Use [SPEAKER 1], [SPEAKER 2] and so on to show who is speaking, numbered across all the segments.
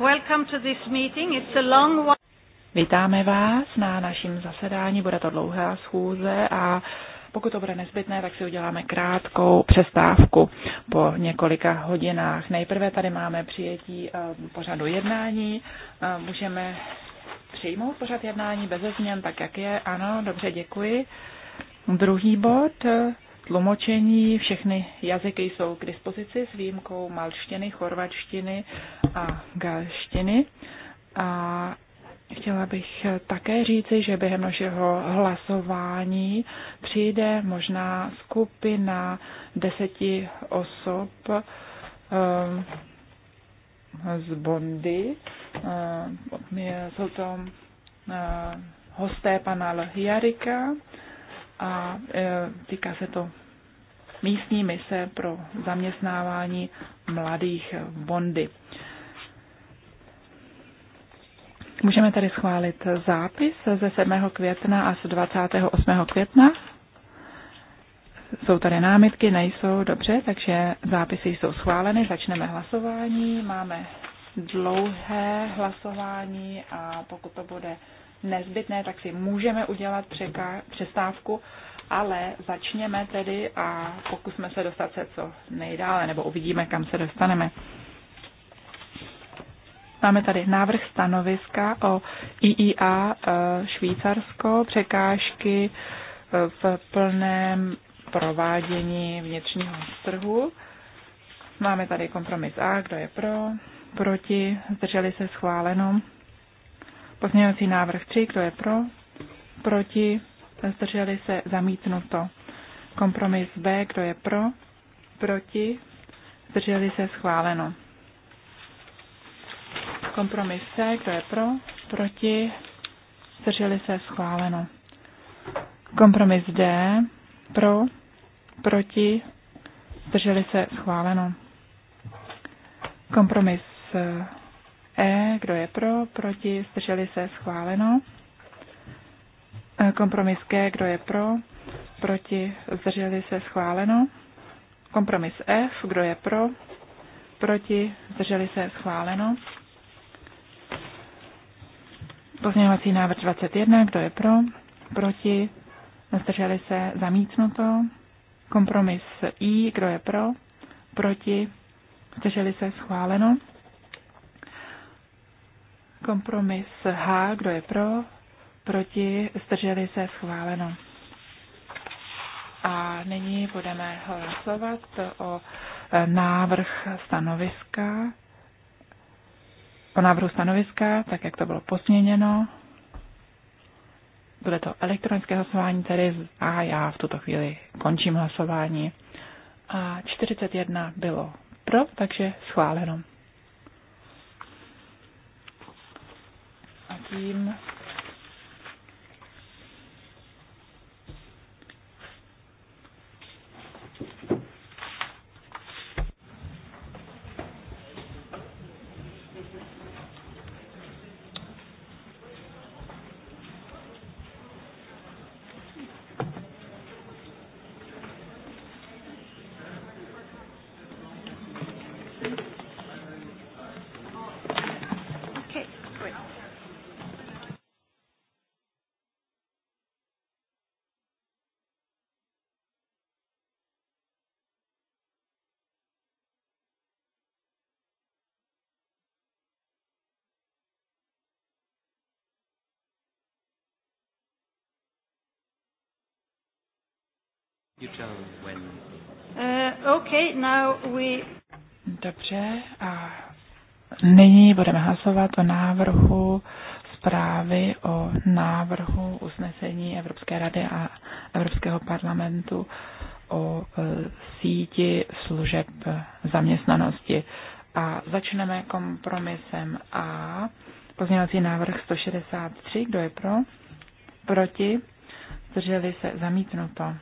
[SPEAKER 1] Welcome to this meeting. It's a long one.
[SPEAKER 2] Vítáme vás na našem zasedání, bude to dlouhá schůze a pokud to bude nezbytné, tak si uděláme krátkou přestávku po několika hodinách. Nejprve tady máme přijetí eh, pořadu jednání. Eh, můžeme přijmout pořad jednání bez změn, tak jak je. Ano, dobře, děkuji. Druhý bod eh, tlumočení. Všechny jazyky jsou k dispozici s výjimkou malštiny, chorvačtiny a galštiny. A chtěla bych také říci, že během našeho hlasování přijde možná skupina deseti osob ehm, z Bondy. Ehm, jsou to ehm, hosté pana Jarika a týká se to místní mise pro zaměstnávání mladých v Bondy. Můžeme tady schválit zápis ze 7. května a z 28. května. Jsou tady námitky, nejsou, dobře, takže zápisy jsou schváleny, začneme hlasování, máme dlouhé hlasování a pokud to bude nezbytné, tak si můžeme udělat přestávku ale začněme tedy a pokusme se dostat se co nejdále, nebo uvidíme, kam se dostaneme. Máme tady návrh stanoviska o IIA e, Švýcarsko, překážky e, v plném provádění vnitřního trhu. Máme tady kompromis A, kdo je pro, proti, zdrželi se schváleno. Pozměňovací návrh 3, kdo je pro, proti, zdrželi se zamítnuto. Kompromis B, kdo je pro, proti, zdrželi se schváleno. Kompromis C, kdo je pro, proti, zdrželi se schváleno. Kompromis D, pro, proti, zdrželi se schváleno. Kompromis E, kdo je pro, proti, zdrželi se schváleno. Kompromis G, kdo je pro, proti, zdrželi se schváleno. Kompromis F, kdo je pro, proti, zdrželi se schváleno. Pozměňovací návrh 21, kdo je pro, proti, zdrželi se zamítnuto. Kompromis I, kdo je pro, proti, zdrželi se schváleno. Kompromis H, kdo je pro, proti, zdrželi se schváleno. A nyní budeme hlasovat o e, návrh stanoviska, o návrhu stanoviska, tak jak to bylo posměněno. Bude to elektronické hlasování tedy a já v tuto chvíli končím hlasování. A 41 bylo pro, takže schváleno. A tím
[SPEAKER 1] Uh, okay, now we... Dobře,
[SPEAKER 2] a nyní budeme hlasovat o návrhu zprávy o návrhu usnesení Evropské rady a Evropského parlamentu o e, síti služeb zaměstnanosti. A začneme kompromisem A. Pozměňovací návrh 163. Kdo je pro? Proti? Zdrželi se zamítnuto.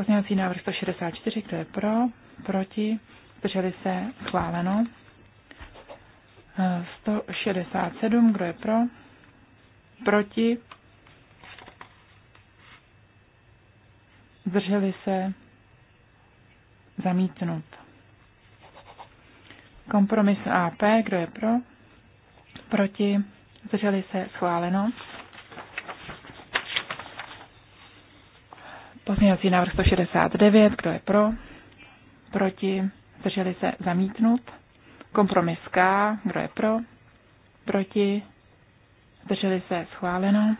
[SPEAKER 2] Pozměňovací návrh 164, kdo je pro, proti, zdrželi se, schváleno. 167, eh, kdo je pro, proti, zdrželi se, zamítnut. Kompromis AP, kdo je pro, proti, zdrželi se, schváleno. Pozměňovací návrh 169, kdo je pro? Proti? Zdrželi se zamítnut. Kompromis K, kdo je pro? Proti? Zdrželi se schváleno.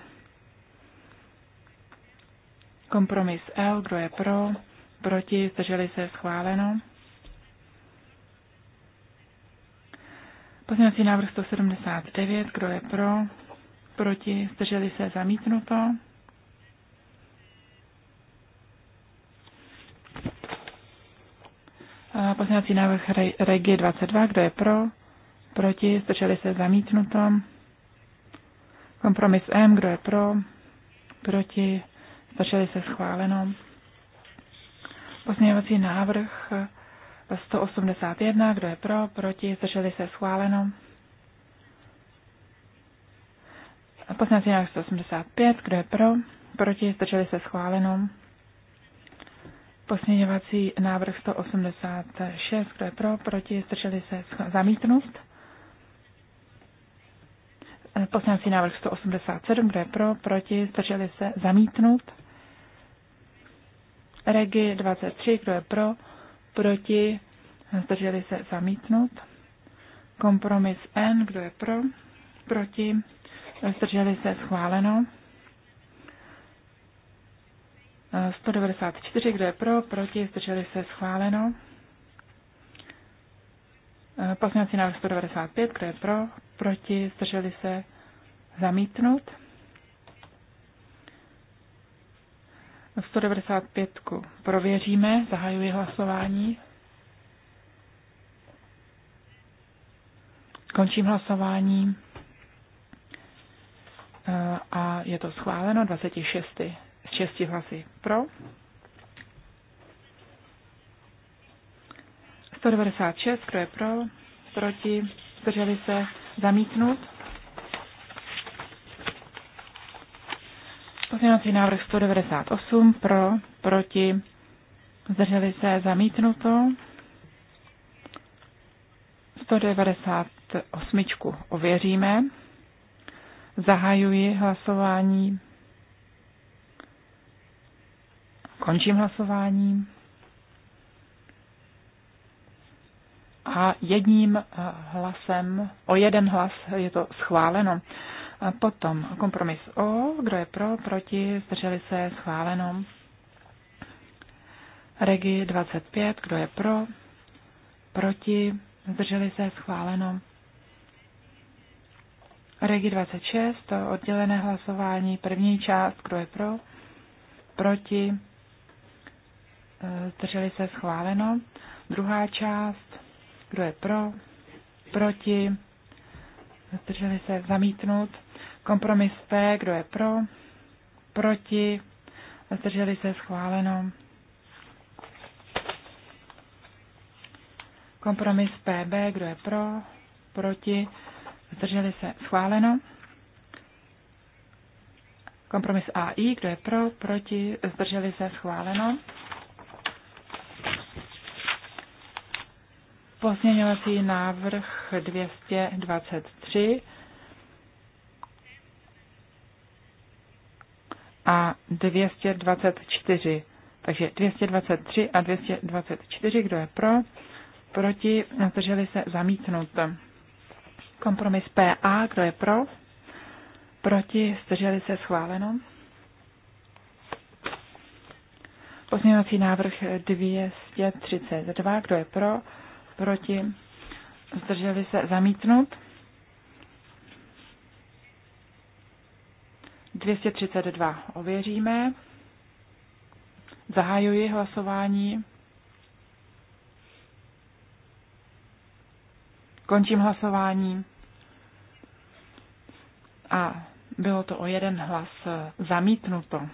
[SPEAKER 2] Kompromis L, kdo je pro? Proti? Zdrželi se schváleno. Pozměňovací návrh 179, kdo je pro? Proti? Zdrželi se zamítnuto. Poznávací návrh Regie 22, kdo je pro, proti, zdrželi se zamítnuto. Kompromis M, kdo je pro, proti, zdrželi se schváleno. Pozměňovací návrh 181, kdo je pro, proti, zdrželi se schváleno. Poslanecí návrh 185, kdo je pro, proti, zdrželi se schváleno. Posměňovací návrh 186, kdo je pro, proti, zdrželi se zamítnout. Poslanecí návrh 187, kdo je pro, proti, zdrželi se zamítnout. Regi 23, kdo je pro, proti, zdrželi se zamítnout. Kompromis N, kdo je pro, proti, zdrželi se schváleno. 194, kdo je pro, proti, zdrželi se schváleno. E, Poslanecí návrh 195, kdo je pro, proti, zdrželi se zamítnout. 195 prověříme, zahajuji hlasování. Končím hlasování e, a je to schváleno 26 šesti hlasy pro. 196, kdo je pro, proti, zdrželi se, zamítnout. Pozměňovací návrh 198 pro, proti, zdrželi se, zamítnuto. 198 ověříme. Zahajuji hlasování. Končím hlasování. A jedním eh, hlasem, o jeden hlas je to schváleno. A potom kompromis O, kdo je pro, proti, zdrželi se, schváleno. Regi 25, kdo je pro, proti, zdrželi se, schváleno. Regi 26, to oddělené hlasování, první část, kdo je pro, proti, zdrželi se schváleno. Druhá část, kdo je pro, proti, zdrželi se zamítnout. Kompromis P, kdo je pro, proti, zdrželi se schváleno. Kompromis PB, kdo je pro, proti, zdrželi se schváleno. Kompromis AI, kdo je pro, proti, zdrželi se schváleno. Pozměňovací návrh 223 a 224. Takže 223 a 224, kdo je pro, proti, zdrželi se zamítnout. Kompromis PA, kdo je pro, proti, zdrželi se schváleno. Pozměňovací návrh 232, kdo je pro, proti, zdrželi se zamítnout. 232 ověříme. Zahajuji hlasování. Končím hlasování. A bylo to o jeden hlas zamítnuto.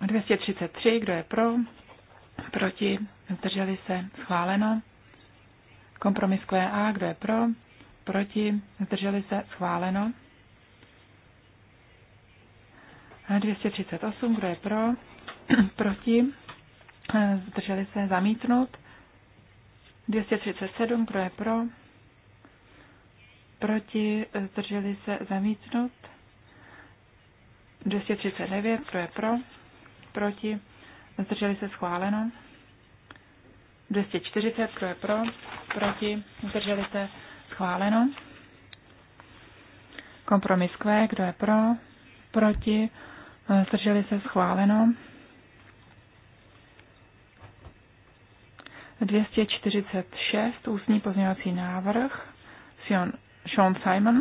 [SPEAKER 2] 233, kdo je pro? proti, zdrželi se, schváleno. Kompromis QA, kdo je pro, proti, zdrželi se, schváleno. 238, kdo je pro, proti, zdrželi se, zamítnout. 237, kdo je pro, proti, zdrželi se, zamítnout. 239, kdo je pro, proti, zdrželi se, schváleno. 240, kdo je pro, proti, zdrželi se, schváleno. Kompromis Q, kdo je pro, proti, zdrželi se, schváleno. 246, ústní pozměňovací návrh, Sion, Sean Simon.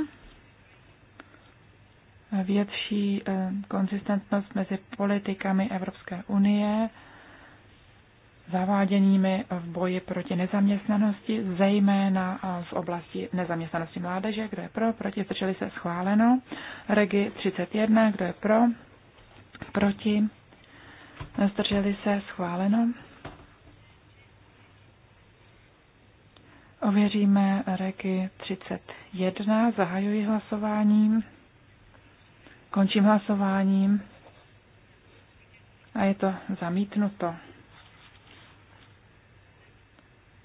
[SPEAKER 2] Větší eh, konzistentnost mezi politikami Evropské unie, zaváděnými v boji proti nezaměstnanosti, zejména v oblasti nezaměstnanosti mládeže. Kdo je pro? Proti? Zdrželi se? Schváleno. Regi 31. Kdo je pro? Proti? Zdrželi se? Schváleno. Ověříme Regi 31. Zahajuji hlasováním. Končím hlasováním. A je to zamítnuto.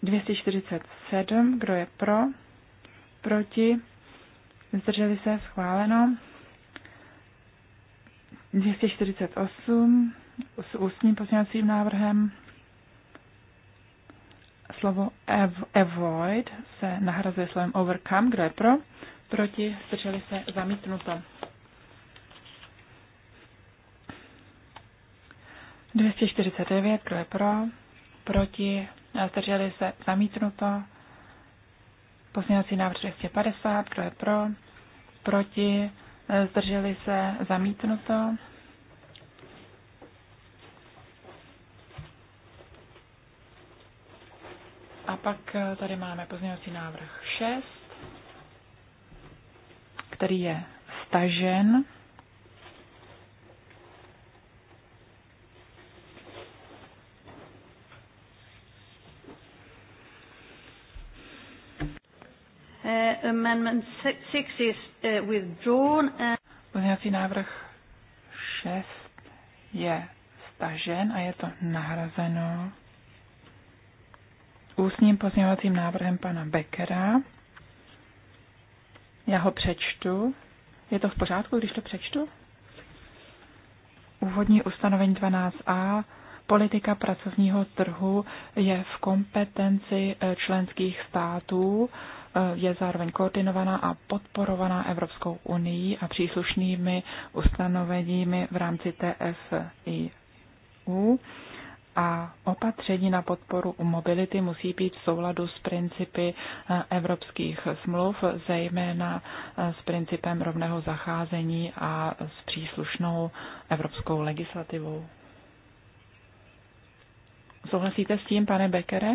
[SPEAKER 2] 247, kdo je pro, proti, zdrželi se, schváleno. 248 s ústním pozměňovacím návrhem slovo avoid se nahrazuje slovem overcome, kdo je pro, proti, zdrželi se, zamítnuto. 249, kdo je pro, proti, zdrželi se, zamítnuto. Pozměňovací návrh 250, kdo je pro, proti, zdrželi se, zamítnuto. A pak eh, tady máme pozměňovací návrh 6, který je stažen.
[SPEAKER 1] Uh, Amendment 6 is uh, withdrawn. Uh,
[SPEAKER 2] Pozměňovací návrh 6 je stažen a je to nahrazeno ústním pozměňovacím návrhem pana Beckera. Já ho přečtu. Je to v pořádku, když to přečtu? Úvodní ustanovení 12a. Politika pracovního trhu je v kompetenci eh, členských států Eh, je zároveň koordinovaná a podporovaná Evropskou unii a příslušnými ustanoveními v rámci TSIU a opatření na podporu mobility musí být v souladu s principy eh, evropských smluv, zejména eh, s principem rovného zacházení a s příslušnou evropskou legislativou. Souhlasíte s tím, pane Bekere?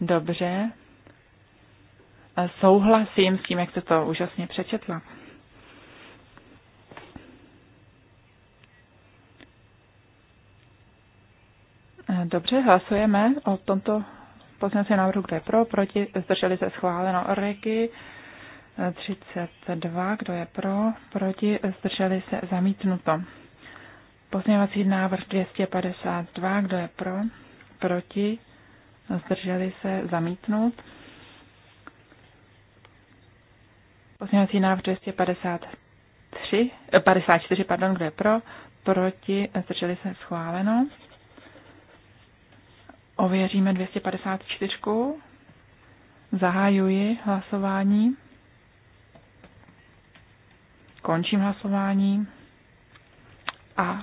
[SPEAKER 2] Dobře, souhlasím s tím, jak jste to úžasně přečetla. Dobře, hlasujeme o tomto pozměnce návrhu, kde je pro, proti, zdrželi se schváleno Regi 32, kdo je pro, proti, zdrželi se zamítnuto. Pozměňovací návrh 252, kdo je pro, proti, zdrželi se zamítnut. Pozměňovací návrh 253, 54, eh, pardon, kdo je pro, proti, zdrželi se schváleno. Ověříme 254. Zahajuji hlasování. Končím hlasování. A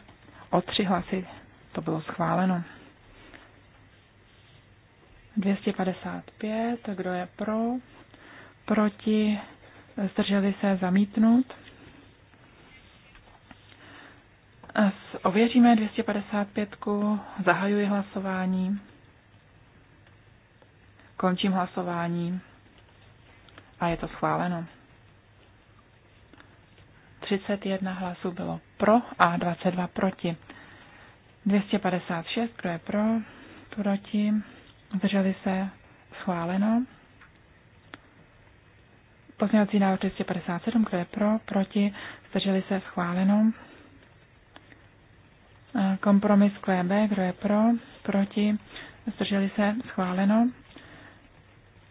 [SPEAKER 2] o tři hlasy to bylo schváleno. 255, kdo je pro, proti, zdrželi se zamítnout. Ověříme 255, zahajuji hlasování, končím hlasování a je to schváleno. 31 hlasů bylo pro a 22 proti. 256, kdo je pro, proti, zdrželi se, schváleno. Pozměňovací návrh 357, kdo je pro, proti, zdrželi se schváleno. Kompromis QB, kdo je pro, proti, zdrželi se schváleno.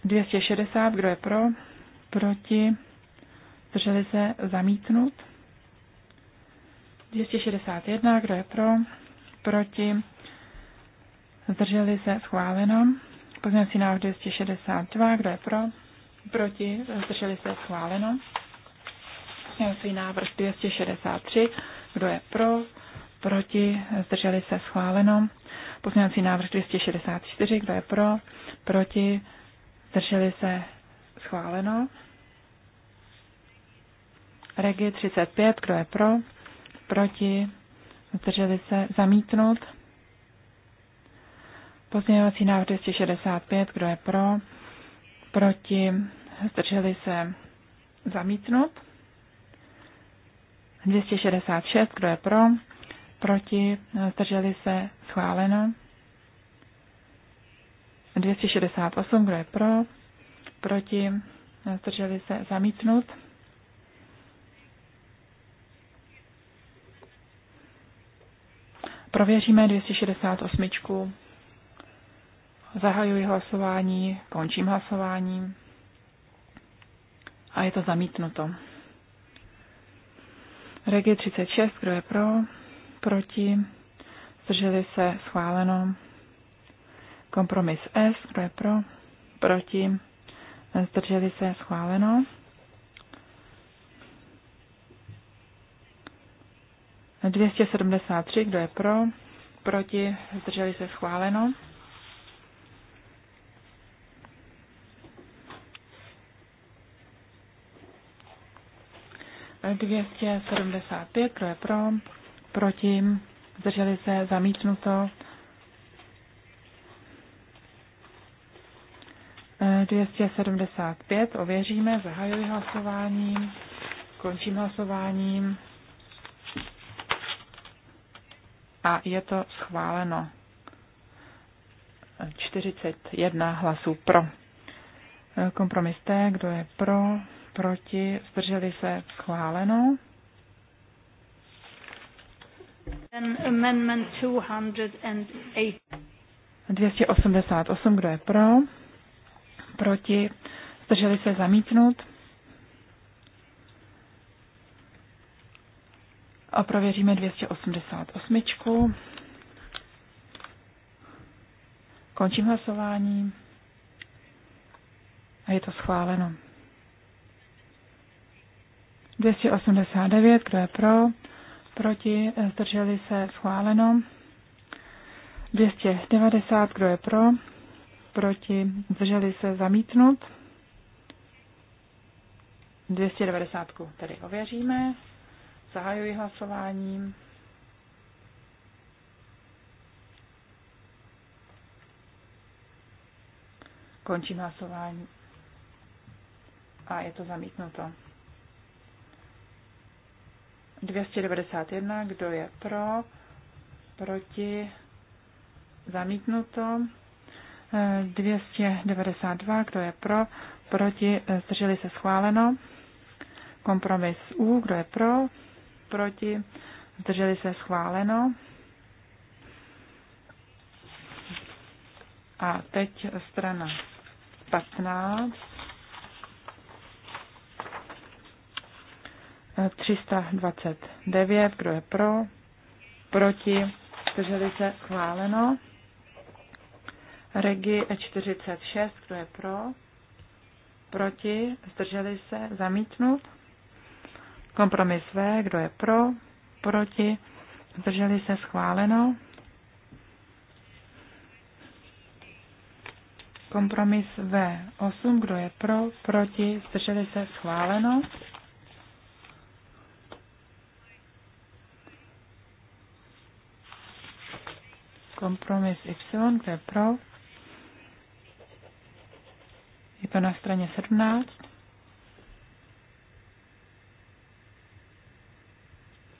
[SPEAKER 2] 260, kdo je pro, proti, zdrželi se zamítnut. 261, kdo je pro, proti, zdrželi se schváleno. Pozměňovací návrh 262, kdo je pro, proti, zdrželi se schváleno. Pozměňovací návrh 263, kdo je pro, proti, zdrželi se schváleno. Pozměňovací návrh 264, kdo je pro, proti, zdrželi se schváleno. Regi 35, kdo je pro, proti, zdrželi se zamítnout. Pozměňovací návrh 265, kdo je pro, proti, zdrželi se zamítnut. 266, kdo je pro, proti, zdrželi se schváleno. 268, kdo je pro, proti, zdrželi se zamítnut. Prověříme 268. Zahajuji hlasování, končím hlasování a je to zamítnuto. Regie 36, kdo je pro, proti, zdrželi se, schváleno. Kompromis S, kdo je pro, proti, zdrželi se, schváleno. Na 273, kdo je pro, proti, zdrželi se, schváleno. 275, kdo je pro, proti, zdrželi se, zamítnuto. 275, ověříme, zahajuji hlasování, končím hlasováním a je to schváleno. 41 hlasů pro. Kompromis T, kdo je pro, proti, zdrželi se schváleno.
[SPEAKER 1] Amendment 208.
[SPEAKER 2] 288, kdo je pro, proti, zdrželi se zamítnout. A prověříme 288. Končím hlasování. A je to schváleno. 289, kdo je pro, proti, zdrželi se, schváleno. 290, kdo je pro, proti, zdrželi se, zamítnut. 290 tedy ověříme. Zahajuji hlasování, Končím hlasování. A je to zamítnuto. 291, kdo je pro, proti, zamítnuto. 292, eh, kdo je pro, proti, eh, zdrželi se schváleno. Kompromis U, kdo je pro, proti, zdrželi se schváleno. A teď strana 15. 329, kdo je pro, proti, zdrželi se, schváleno. Regi 46, kdo je pro, proti, zdrželi se, zamítnut. Kompromis V, kdo je pro, proti, zdrželi se, schváleno. Kompromis V8, kdo je pro, proti, zdrželi se, schváleno. Kompromis Y, je pro. Je to na straně 17.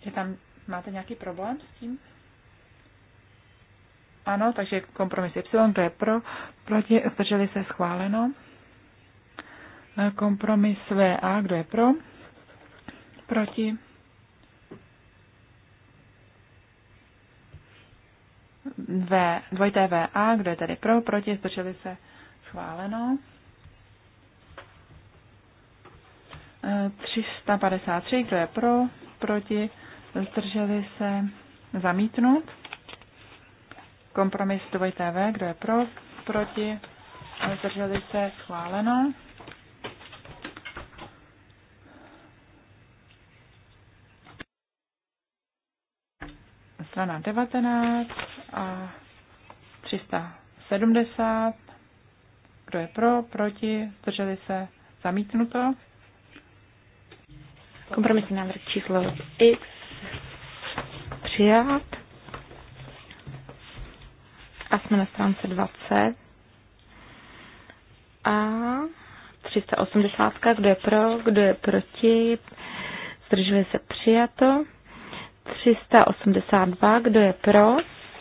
[SPEAKER 2] Je tam, máte nějaký problém s tím? Ano, takže kompromis Y, to je pro, proti, zdrželi se schváleno. Kompromis VA, kdo je pro? Proti, V, dvojité VA, kdo je tedy pro, proti, zdrželi se schváleno. 353, e, kdo je pro, proti, zdrželi se zamítnout. Kompromis dvojité V, kdo je pro, proti, zdrželi se schváleno. Strana 19, a 370. Kdo je pro, proti, zdrželi se, zamítnuto.
[SPEAKER 3] Kompromisní návrh číslo X přijat. A jsme na stránce 20. A 380, kdo je pro, kdo je proti, zdrželi se přijato. 382, kdo je pro,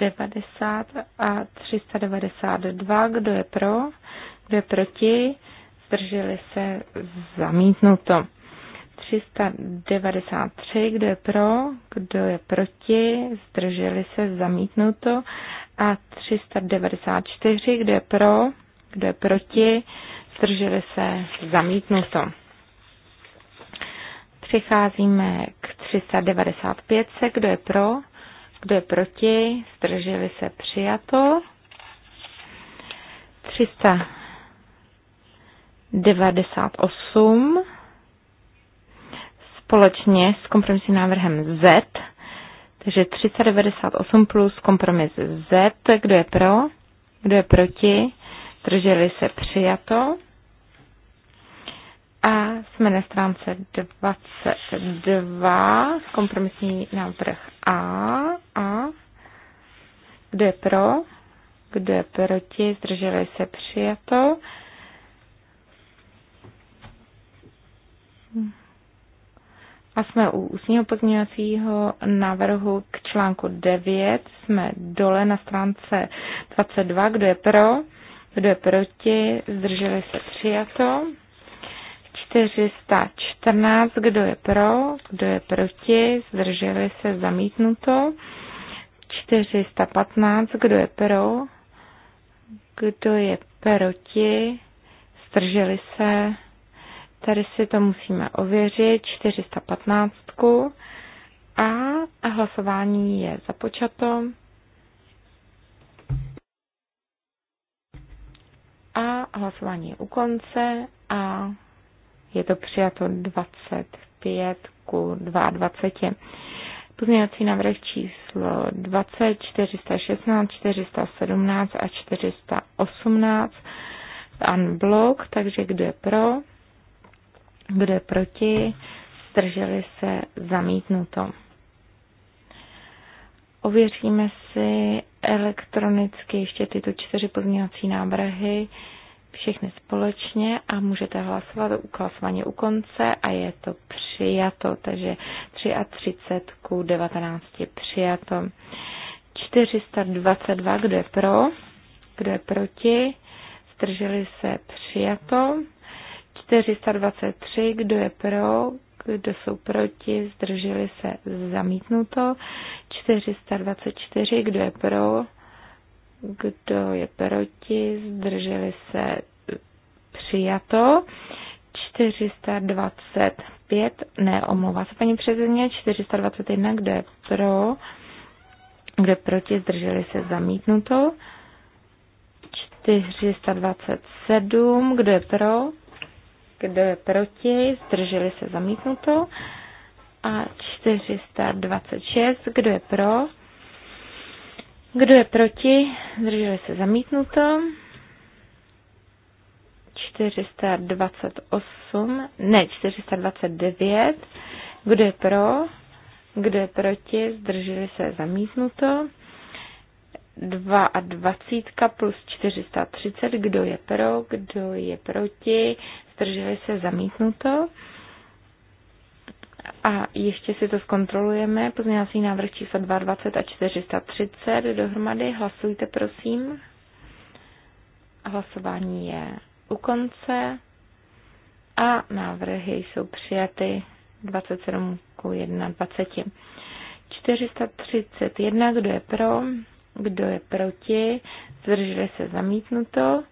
[SPEAKER 3] 90 a 392. Kdo je pro? Kdo je proti? Zdrželi se zamítnuto. 393. Kdo je pro? Kdo je proti? Zdrželi se zamítnuto. A 394. Kdo je pro? Kdo je proti? Zdrželi se zamítnuto. Přicházíme k 395. Kdo je pro? Kdo je proti? Zdrželi se přijato. 398 společně s kompromisním návrhem Z. Takže 398 plus kompromis Z. Kdo je pro? Kdo je proti? Zdrželi se přijato. A jsme na stránce 22, kompromisní návrh A. A. Kdo je pro? Kdo je proti? Zdrželi se přijato. A jsme u ústního pozměňovacího návrhu k článku 9. Jsme dole na stránce 22. Kdo je pro? Kdo je proti? Zdrželi se přijato. 414, kdo je pro, kdo je proti, zdrželi se zamítnuto. 415, kdo je pro, kdo je proti, zdrželi se, tady si to musíme ověřit, 415 a hlasování je započato. A hlasování je u konce a je to přijato 25 ku 22. Pozměňovací návrh číslo 20, 416, 417 a 418 unblock, takže kdo je pro, kdo je proti, zdrželi se zamítnuto. Ověříme si elektronicky ještě tyto čtyři pozměňovací návrhy všechny společně a můžete hlasovat u klasování u konce a je to přijato, takže 33 k 19 přijato. 422, kdo je pro, kdo je proti, zdrželi se přijato. 423, kdo je pro, kdo jsou proti, zdrželi se zamítnuto. 424, kdo je pro, kdo je proti? Zdrželi se přijato. 425, ne, omlouvá se paní předsedně, 421, Kde je pro, kde proti, zdrželi se zamítnuto. 427, kdo je pro, kdo je proti, zdrželi se zamítnuto. A 426, kdo je pro, kdo je proti? Zdrželi se zamítnuto. 428, ne, 429. Kdo je pro? Kdo je proti? Zdrželi se zamítnuto. 22 plus 430. Kdo je pro? Kdo je proti? Zdrželi se zamítnuto. A ještě si to zkontrolujeme. Pozměňovací návrh číslo 220 a 430 dohromady. Hlasujte, prosím. Hlasování je u konce a návrhy jsou přijaty 27 ku 21. 431, kdo je pro, kdo je proti, zdrželi se zamítnuto.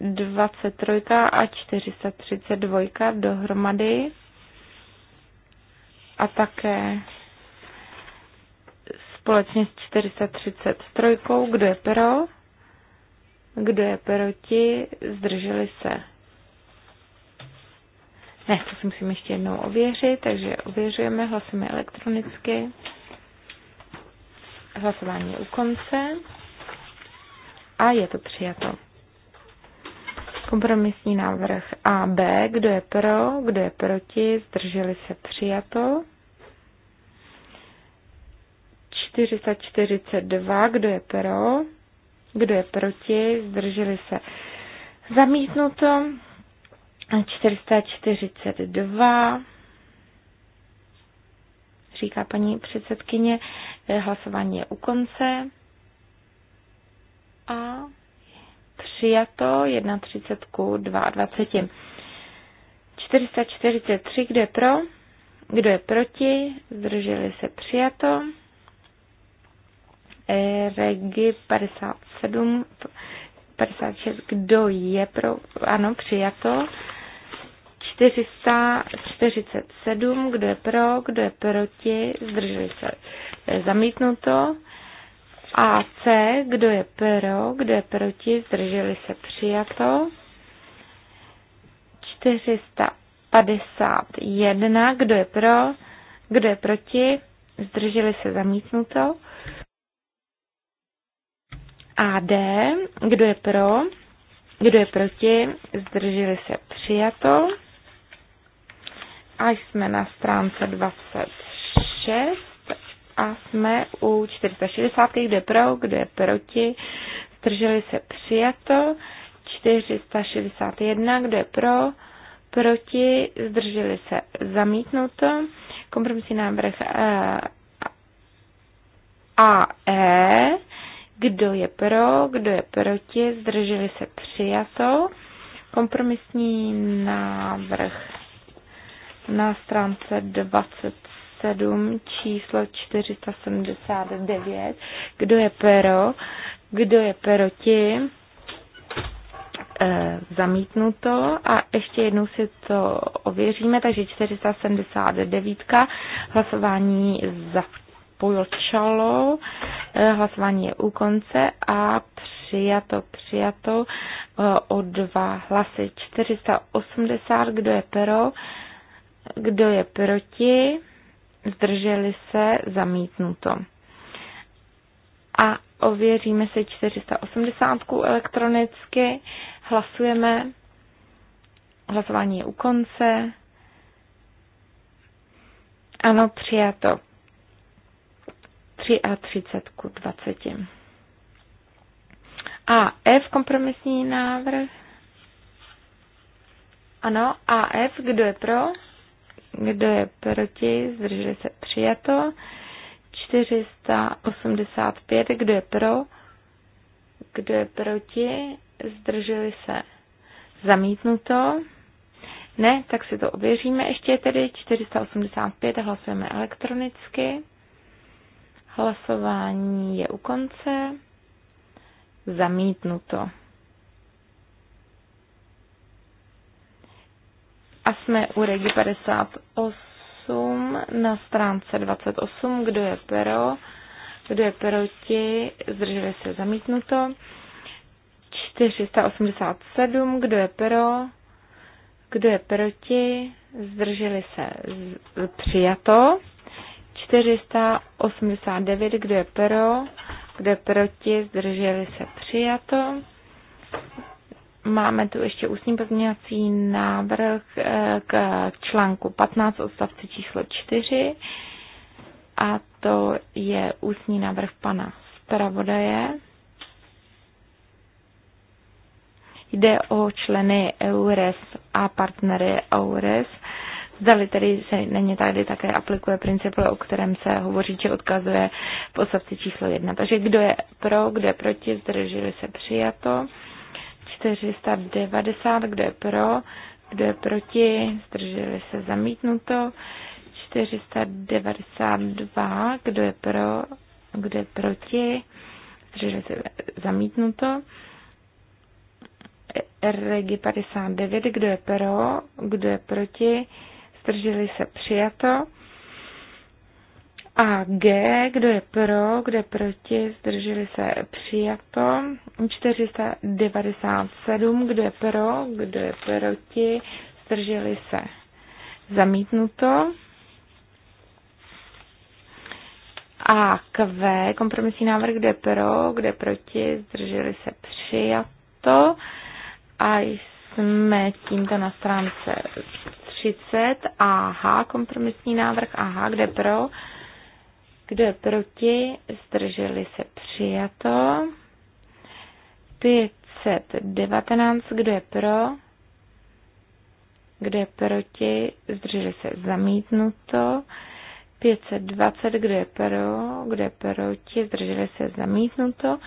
[SPEAKER 3] 23 a 432 dohromady a také společně s 433, kdo je pro, kdo je proti, zdrželi se. Ne, to si musím ještě jednou ověřit, takže ověřujeme, hlasujeme elektronicky. Hlasování je u konce a je to přijato. Kompromisní návrh A B. kdo je pro, kdo je proti, zdrželi se přijato. 442, kdo je pro, kdo je proti, zdrželi se zamítnuto. 442, říká paní předsedkyně, hlasování je u konce. A přijato 31 k 22. 443, kdo je pro, kdo je proti, zdrželi se přijato. E, Regi 57, 56, kdo je pro, ano, přijato. 447, kdo je pro, kdo je proti, zdrželi se e, zamítnuto. AC, kdo je pro, kdo je proti, zdrželi se přijato. 451, kdo je pro, kdo je proti, zdrželi se zamítnuto. AD, kdo je pro, kdo je proti, zdrželi se přijato. A jsme na stránce 26 a jsme u 460, kde je pro, kde je proti, zdrželi se přijato, 461, kde je pro, proti, zdrželi se zamítnuto, kompromisní návrh eh, AE, kdo je pro, kdo je proti, zdrželi se přijato, kompromisní návrh na stránce 20 7, číslo 479. Kdo je pero? Kdo je peroti? E, eh, zamítnuto a ještě jednou si to ověříme, takže 479. Hlasování zapojočalo, e, hlasování je u konce a přijato, přijato eh, o dva hlasy. 480, kdo je pro, kdo je proti, zdrželi se, zamítnuto. A ověříme se 480 elektronicky, hlasujeme, hlasování je u konce. Ano, přijato. 33 ku 20. A F kompromisní návrh. Ano, AF, kdo je pro? Kdo je proti? Zdrželi se přijato. 485. Kdo je pro? Kdo je proti? Zdrželi se zamítnuto. Ne, tak si to ověříme ještě tedy. 485 hlasujeme elektronicky. Hlasování je u konce. Zamítnuto. A jsme u regi 58 na stránce 28, kdo je pero kdo je proti, zdrželi se zamítnuto. 487, kdo je pro, kdo je proti, zdrželi se z, přijato. 489, kdo je pro, kdo je proti, zdrželi se přijato. Máme tu ještě ústní pozměňovací návrh eh, k článku 15 odstavce číslo 4 a to je ústní návrh pana zpravodaje. Jde o členy EURES a partnery EURES. Zdali tedy se není tady také aplikuje princip, o kterém se hovoří, či odkazuje v odstavci číslo 1. Takže kdo je pro, kdo je proti, zdrželi se přijato. 490, kdo je pro, kdo je proti, zdrželi se zamítnuto. 492, kdo je pro, kdo je proti, zdrželi se zamítnuto. Regi 59, kdo je pro, kdo je proti, zdrželi se přijato. A G, kdo je pro, kdo je proti, zdrželi se přijato. 497, kdo je pro, kdo je proti, zdrželi se zamítnuto. A Q, kompromisní návrh, kde pro, kde proti, zdrželi se přijato. A jsme tímto na stránce 30. H, kompromisní návrh, H, kde pro, kdo je proti? Zdrželi se přijato. 519. Kdo je pro? Kdo je proti? Zdrželi se zamítnuto. 520. Kdo je pro? Kdo je proti? Zdrželi se zamítnuto.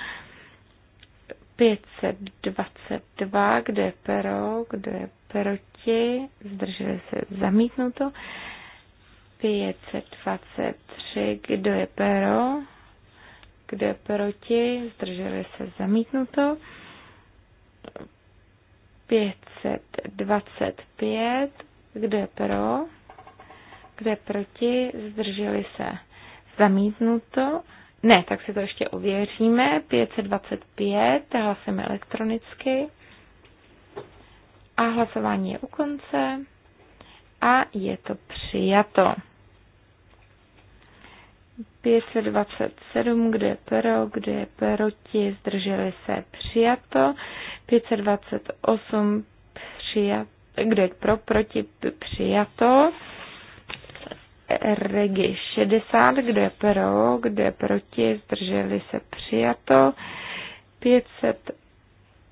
[SPEAKER 3] 522. Kdo je pro? Kdo je proti? Zdrželi se zamítnuto. 523, kdo je pro, kdo je proti, zdrželi se zamítnuto. 525, kdo je pro, kdo je proti, zdrželi se zamítnuto. Ne, tak si to ještě ověříme. 525, hlasujeme elektronicky. A hlasování je u konce a je to přijato. 527, kde je pro, kde je proti, zdrželi se, přijato. 528, přijat, kde je pro, proti, přijato. Regi 60, kde je pro, kde je proti, zdrželi se, přijato. 500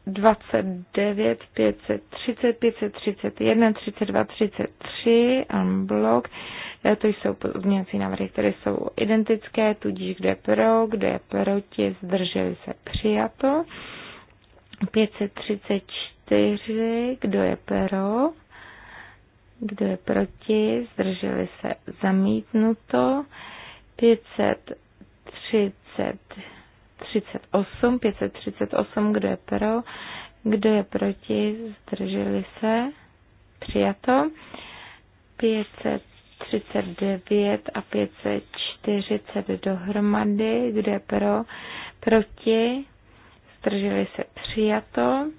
[SPEAKER 3] 29, 530, 531, 32, 33, unblock. E, to jsou pozměňovací návrhy, které jsou identické, tudíž kde pro, kde proti, zdrželi se přijato. 534, kdo je pro, kdo je proti, zdrželi se zamítnuto. 530 538, kdo je pro, kdo je proti, zdrželi se, přijato. 539 a 540 dohromady, kdo je pro, proti, zdrželi se, přijato.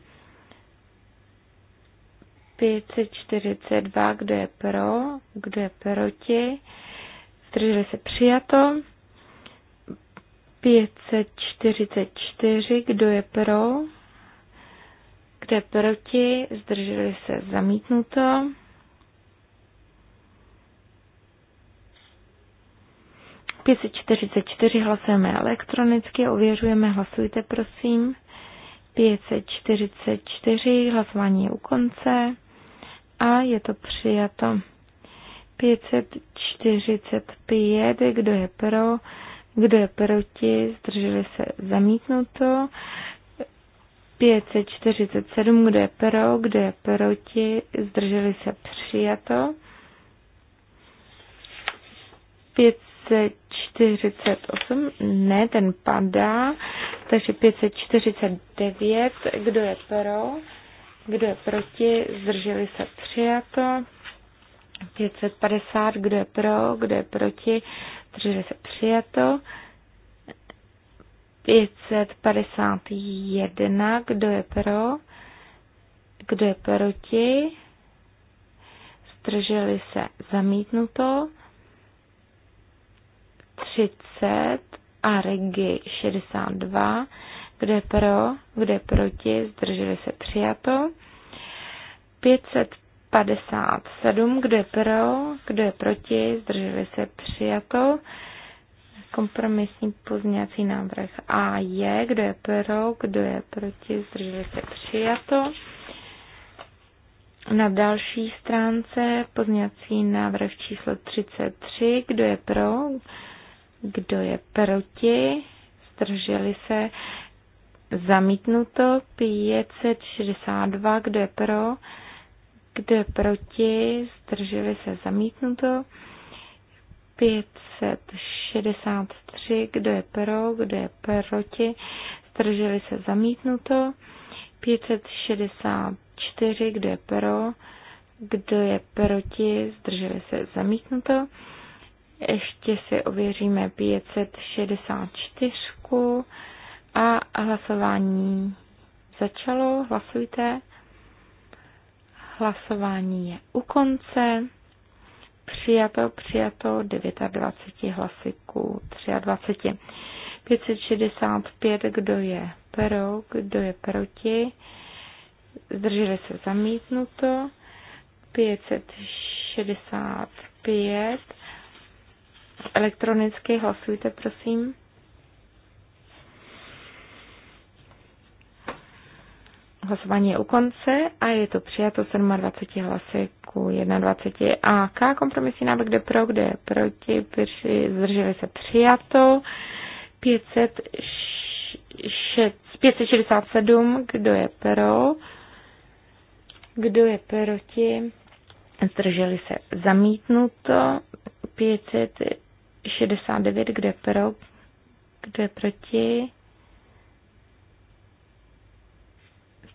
[SPEAKER 3] 542, kdo je pro, kdo je proti, zdrželi se, přijato. 544, kdo je pro, kde proti, zdrželi se zamítnuto. Pět 44 hlasujeme elektronicky, ověřujeme, hlasujte prosím. 544, hlasování je u konce a je to přijato. 545, kdo je pro, kdo je proti? Zdrželi se zamítnuto. 547. Kdo je pro? Kdo je proti? Zdrželi se přijato. 548. Ne, ten padá. Takže 549. Kdo je pro? Kdo je proti? Zdrželi se přijato. 550, kdo je pro, kdo je proti, zdrželi se přijato. 551, kdo je pro, kdo je proti, zdrželi se zamítnuto. 30 a regi 62, kde pro, kde proti, zdrželi se přijato. 500 57, kdo je pro, kdo je proti, zdrželi se přijato. Kompromisní pozměňovací návrh A je, kdo je pro, kdo je proti, zdrželi se přijato. Na další stránce pozměňovací návrh číslo 33, kdo je pro, kdo je proti, zdrželi se zamítnuto 562, kdo je pro, kdo je proti? Zdrželi se zamítnuto. 563. Kdo je pro? Kdo je proti? Zdrželi se zamítnuto. 564. Kdo je pro? Kdo je proti? Zdrželi se zamítnuto. Ještě si ověříme 564 a hlasování začalo. Hlasujte. Hlasování je u konce. Přijato, přijato 29 hlasy ku 23. 565, kdo je pro, kdo je proti. Zdrželi se zamítnuto. 565. Elektronicky hlasujte, prosím. Hlasování je u konce a je to přijato 27 hlasy ku 21. A K kompromisní návrh, kde pro, kde proti, při, zdrželi se přijato. 567, kdo je pro, kdo je proti, zdrželi se zamítnuto. 569, kde pro, kdo je proti,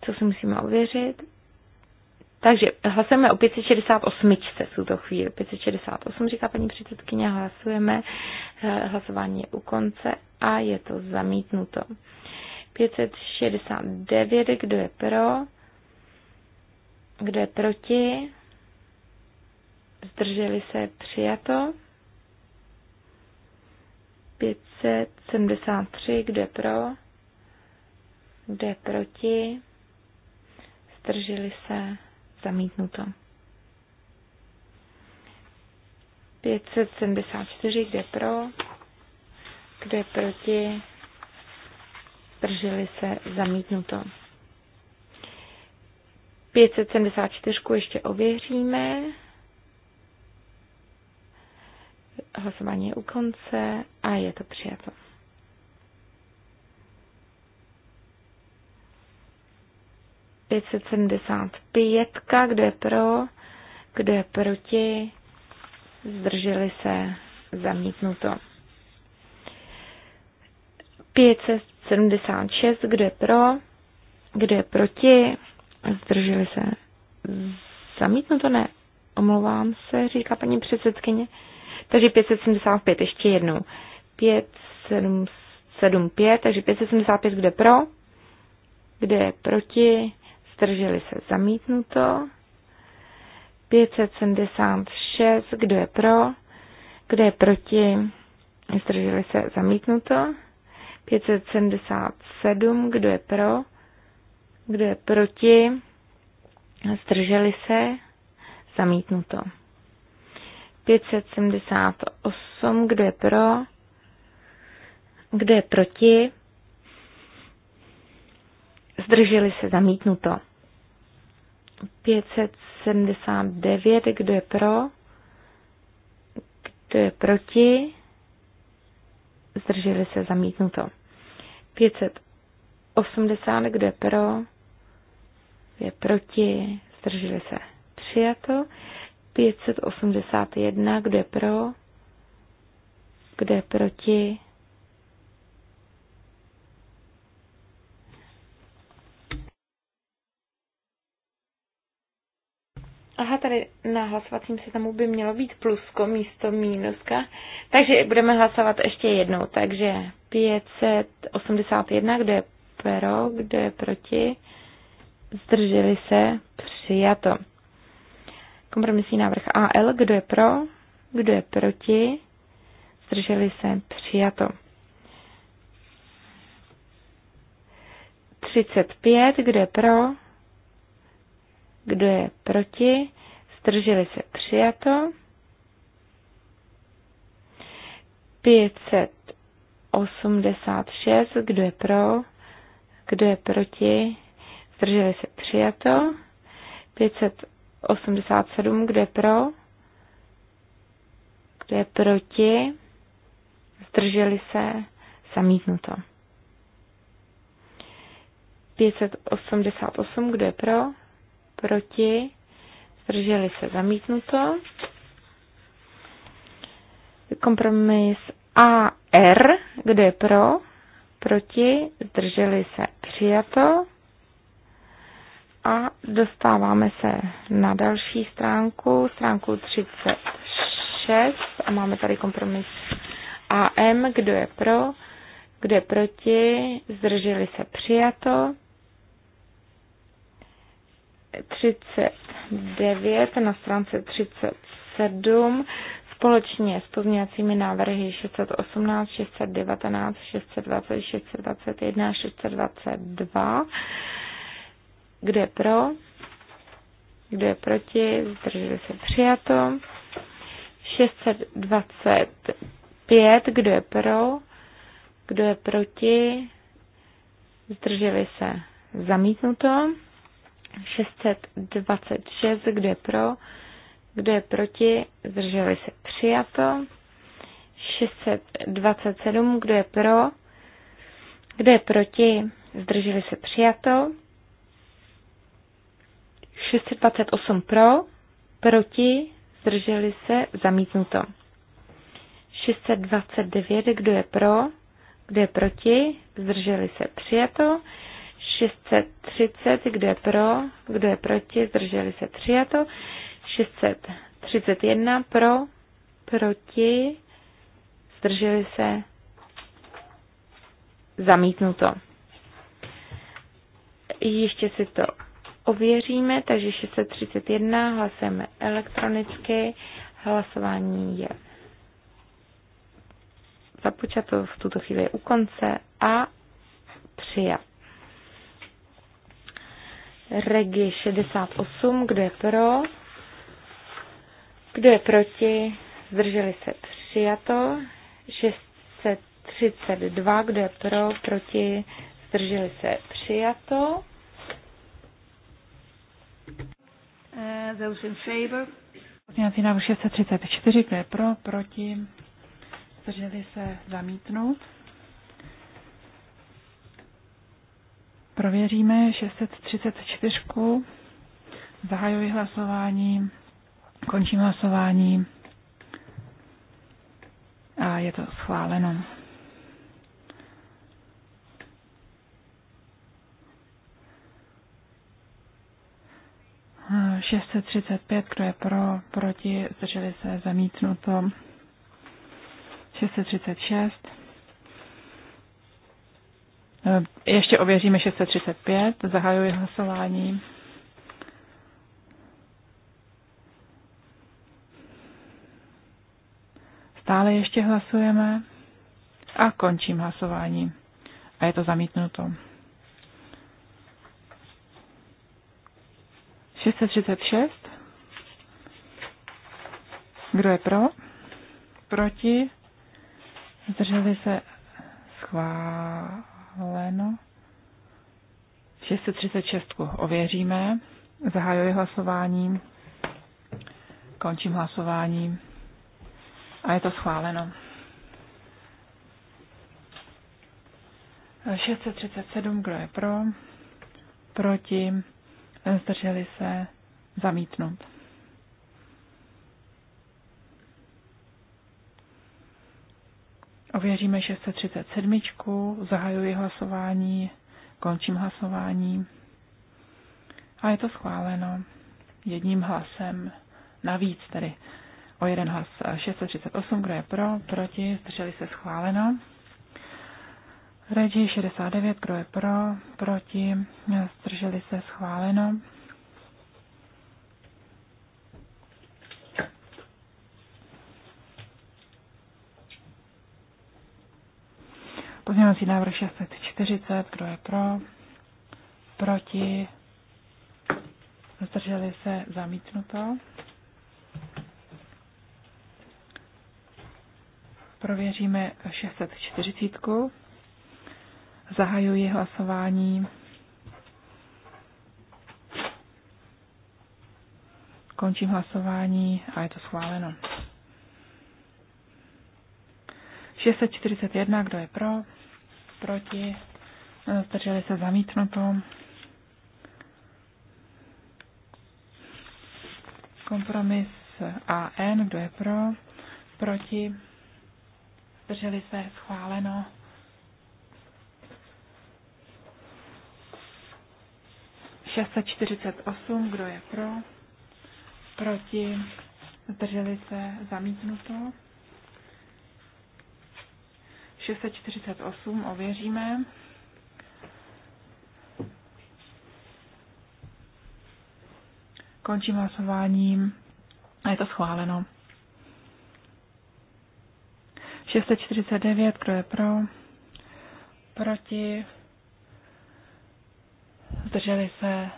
[SPEAKER 3] co si musíme ověřit. Takže hlasujeme o 568 jsou to chvíli. 568 říká paní předsedkyně, hlasujeme. Eh, hlasování je u konce a je to zamítnuto. 569, kdo je pro? Kdo je proti? Zdrželi se přijato. 573, kdo je pro? Kdo je proti? zdrželi se, zamítnuto. 574, kde pro, kde proti, zdrželi se, zamítnuto. 574 ještě ověříme. Hlasování je u konce a je to přijato. 575, kdo je pro, kdo je proti, zdrželi se, zamítnuto. 576, kdo je pro, kdo je proti, zdrželi se, zamítnuto ne, omlouvám se, říká paní předsedkyně. Takže 575 ještě jednou. 575, takže 575 kde pro, kde proti, zdrželi se zamítnuto. 576, kdo je pro, kdo je proti, zdrželi se zamítnuto. 577, kdo je pro, kdo je proti, zdrželi se zamítnuto. 578, kdo je pro, kdo je proti, zdrželi se zamítnuto. 579, kdo je pro, kdo je proti, zdrželi se zamítnuto. 580, kdo je pro, kdo je proti, zdrželi se přijato. 581, kdo je pro, kdo je proti, na hlasovacím seznamu by mělo být plusko místo mínuska. Takže budeme hlasovat ještě jednou. Takže 581, kde je pro, kde je proti. Zdrželi se, přijato. Kompromisní návrh AL, kdo je pro, kdo je proti. Zdrželi se, přijato. 35, kdo je pro, kdo je proti, zdrželi se přijato. 586, kdo je pro, kdo je proti, zdrželi se přijato. 587, kdo je pro, kdo je proti, zdrželi se zamítnuto. 588, kdo je pro, proti, Zdrželi se zamítnuto. Kompromis AR, kde je pro, proti, zdrželi se přijato. A dostáváme se na další stránku, stránku 36 a máme tady kompromis AM, kdo je pro, kdo je proti, zdrželi se přijato. 39 na stránce 37 společně s pozměňovacími návrhy 618, 619, 620, 621, 622. Kdo je pro? Kdo je proti? Zdrželi se přijato. 625. Kdo je pro? Kdo je proti? Zdrželi se zamítnuto. 626, kdo je pro, kdo je proti, zdrželi se přijato. 627, kdo je pro, kdo je proti, zdrželi se přijato. 628 pro, proti, zdrželi se, zamítnuto. 629, kdo je pro, kdo je proti, zdrželi se, přijato. 630, kdo je pro, kdo je proti, zdrželi se a to 631 pro, proti, zdrželi se zamítnuto. Ještě si to ověříme, takže 631 hlasujeme elektronicky. Hlasování je započato, v tuto chvíli u konce a přijat. Regi 68, kdo je pro, kdo je proti, zdrželi se přijato, 632, kdo je pro, proti, zdrželi se přijato. Uh, those in favor.
[SPEAKER 2] Pozměňovací návrh 634, kdo je pro, proti, zdrželi se zamítnout. Prověříme 634. Zahajuji hlasování. Končím hlasování. A je to schváleno. A 635, kdo je pro, proti, zdrželi se zamítnuto. 636. Eh, ještě ověříme 635, zahajuji hlasování. Stále ještě hlasujeme a končím hlasování. A je to zamítnuto. 636. Kdo je pro? Proti? Zdrželi se schválení schváleno. 636 ověříme. Zahajuji hlasování. Končím hlasování. A je to schváleno. 637, kdo je pro? Proti? Zdrželi se? Zamítnout. Ověříme 637. Zahajuji hlasování. Končím hlasování. A je to schváleno. Jedním hlasem. Navíc tedy. O jeden hlas 638, kdo je pro, proti, zdrželi se schváleno. Regi 69, kdo je pro, proti, zdrželi se schváleno. Pozměňovací návrh 640, kdo je pro? Proti? Zdrželi se zamítnuto. Prověříme 640. Zahajuji hlasování. Končím hlasování a je to schváleno. 641, kdo je pro? proti, zdrželi se zamítnuto. Kompromis AN, kdo je pro, proti, zdrželi se schváleno. Šestset čtyřicet osm, kdo je pro, proti, zdrželi se zamítnuto. 648 ověříme. Končím hlasováním a je to schváleno. 649, kdo je pro? Proti? Zdrželi se?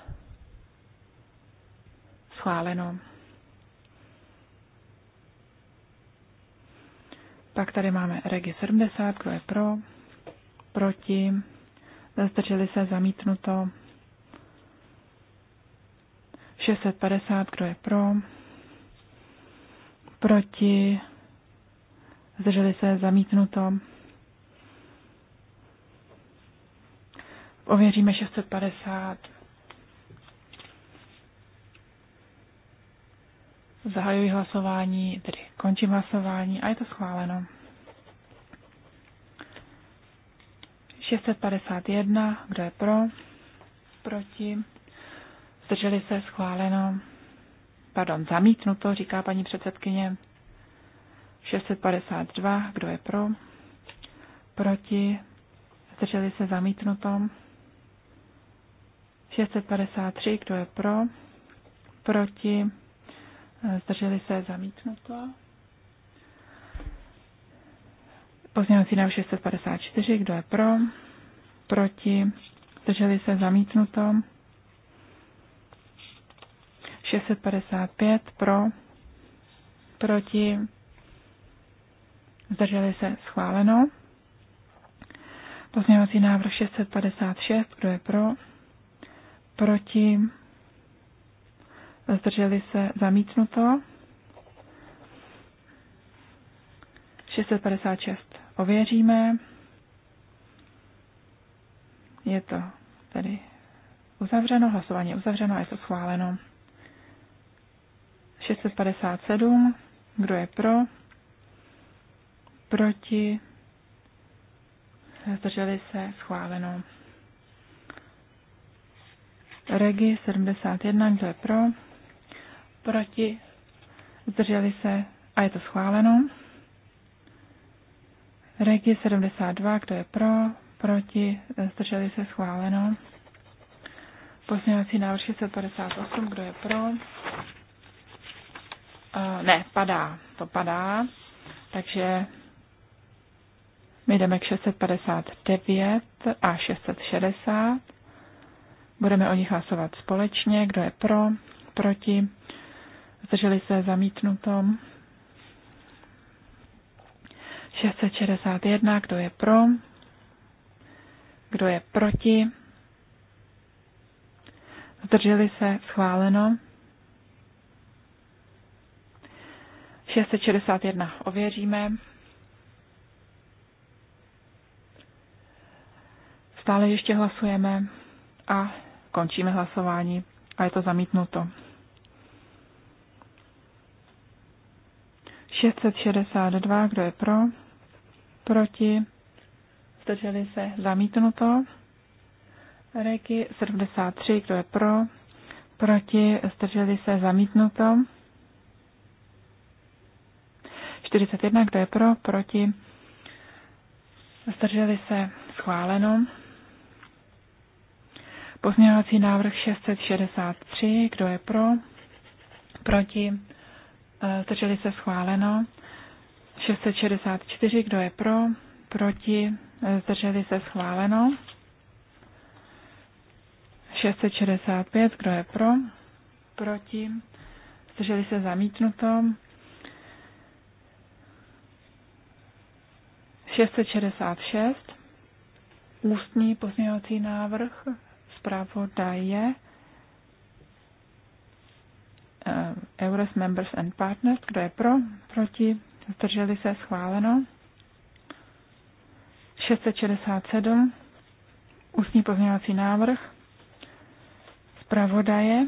[SPEAKER 2] Schváleno. Pak tady máme Regi 70, kdo je pro, proti, zdrželi se zamítnuto. 650, kdo je pro, proti, zdrželi se zamítnuto. Ověříme 650. Zahajuji hlasování, 3, Končím hlasování a je to schváleno. 651, kdo je pro? Proti? Zdrželi se schváleno. Pardon, zamítnuto, říká paní předsedkyně. 652, kdo je pro? Proti? Zdrželi se zamítnuto. 653, kdo je pro? Proti? Zdrželi se zamítnuto. Pozměňovací návrh 654, kdo je pro? Proti? Zdrželi se zamítnuto? 655 pro? Proti? Zdrželi se schváleno? Pozměňovací návrh 656, kdo je pro? Proti? Zdrželi se zamítnuto? 656 ověříme. Je to tedy uzavřeno, hlasování je uzavřeno a je to schváleno. 657, kdo je pro, proti, zdrželi se, schváleno. Regi 71, kdo je pro, proti, zdrželi se a je to schváleno. Regi 72, kdo je pro, proti, zdrželi se schváleno. Pozměňovací návrh 658, kdo je pro. Uh, ne, padá, to padá. Takže my jdeme k 659 a 660. Budeme o nich hlasovat společně. Kdo je pro, proti, zdrželi se zamítnutom. 661, kdo je pro, kdo je proti, zdrželi se, schváleno. 661 ověříme. Stále ještě hlasujeme a končíme hlasování a je to zamítnuto. 662, kdo je pro? proti, zdrželi se zamítnuto. Reiki 73, kdo je pro, proti, zdrželi se zamítnuto. 41, kdo je pro, proti, zdrželi se schváleno. Pozměňovací návrh 663, kdo je pro, proti, zdrželi se schváleno. 664, kdo je pro, proti, zdrželi se schváleno. 665, kdo je pro, proti, zdrželi se zamítnuto. 666, ústní pozměňovací návrh, Uh, Eures Members and Partners, kdo je pro, proti, zdrželi se schváleno. 667, ústní pozměňovací návrh, zpravodaje,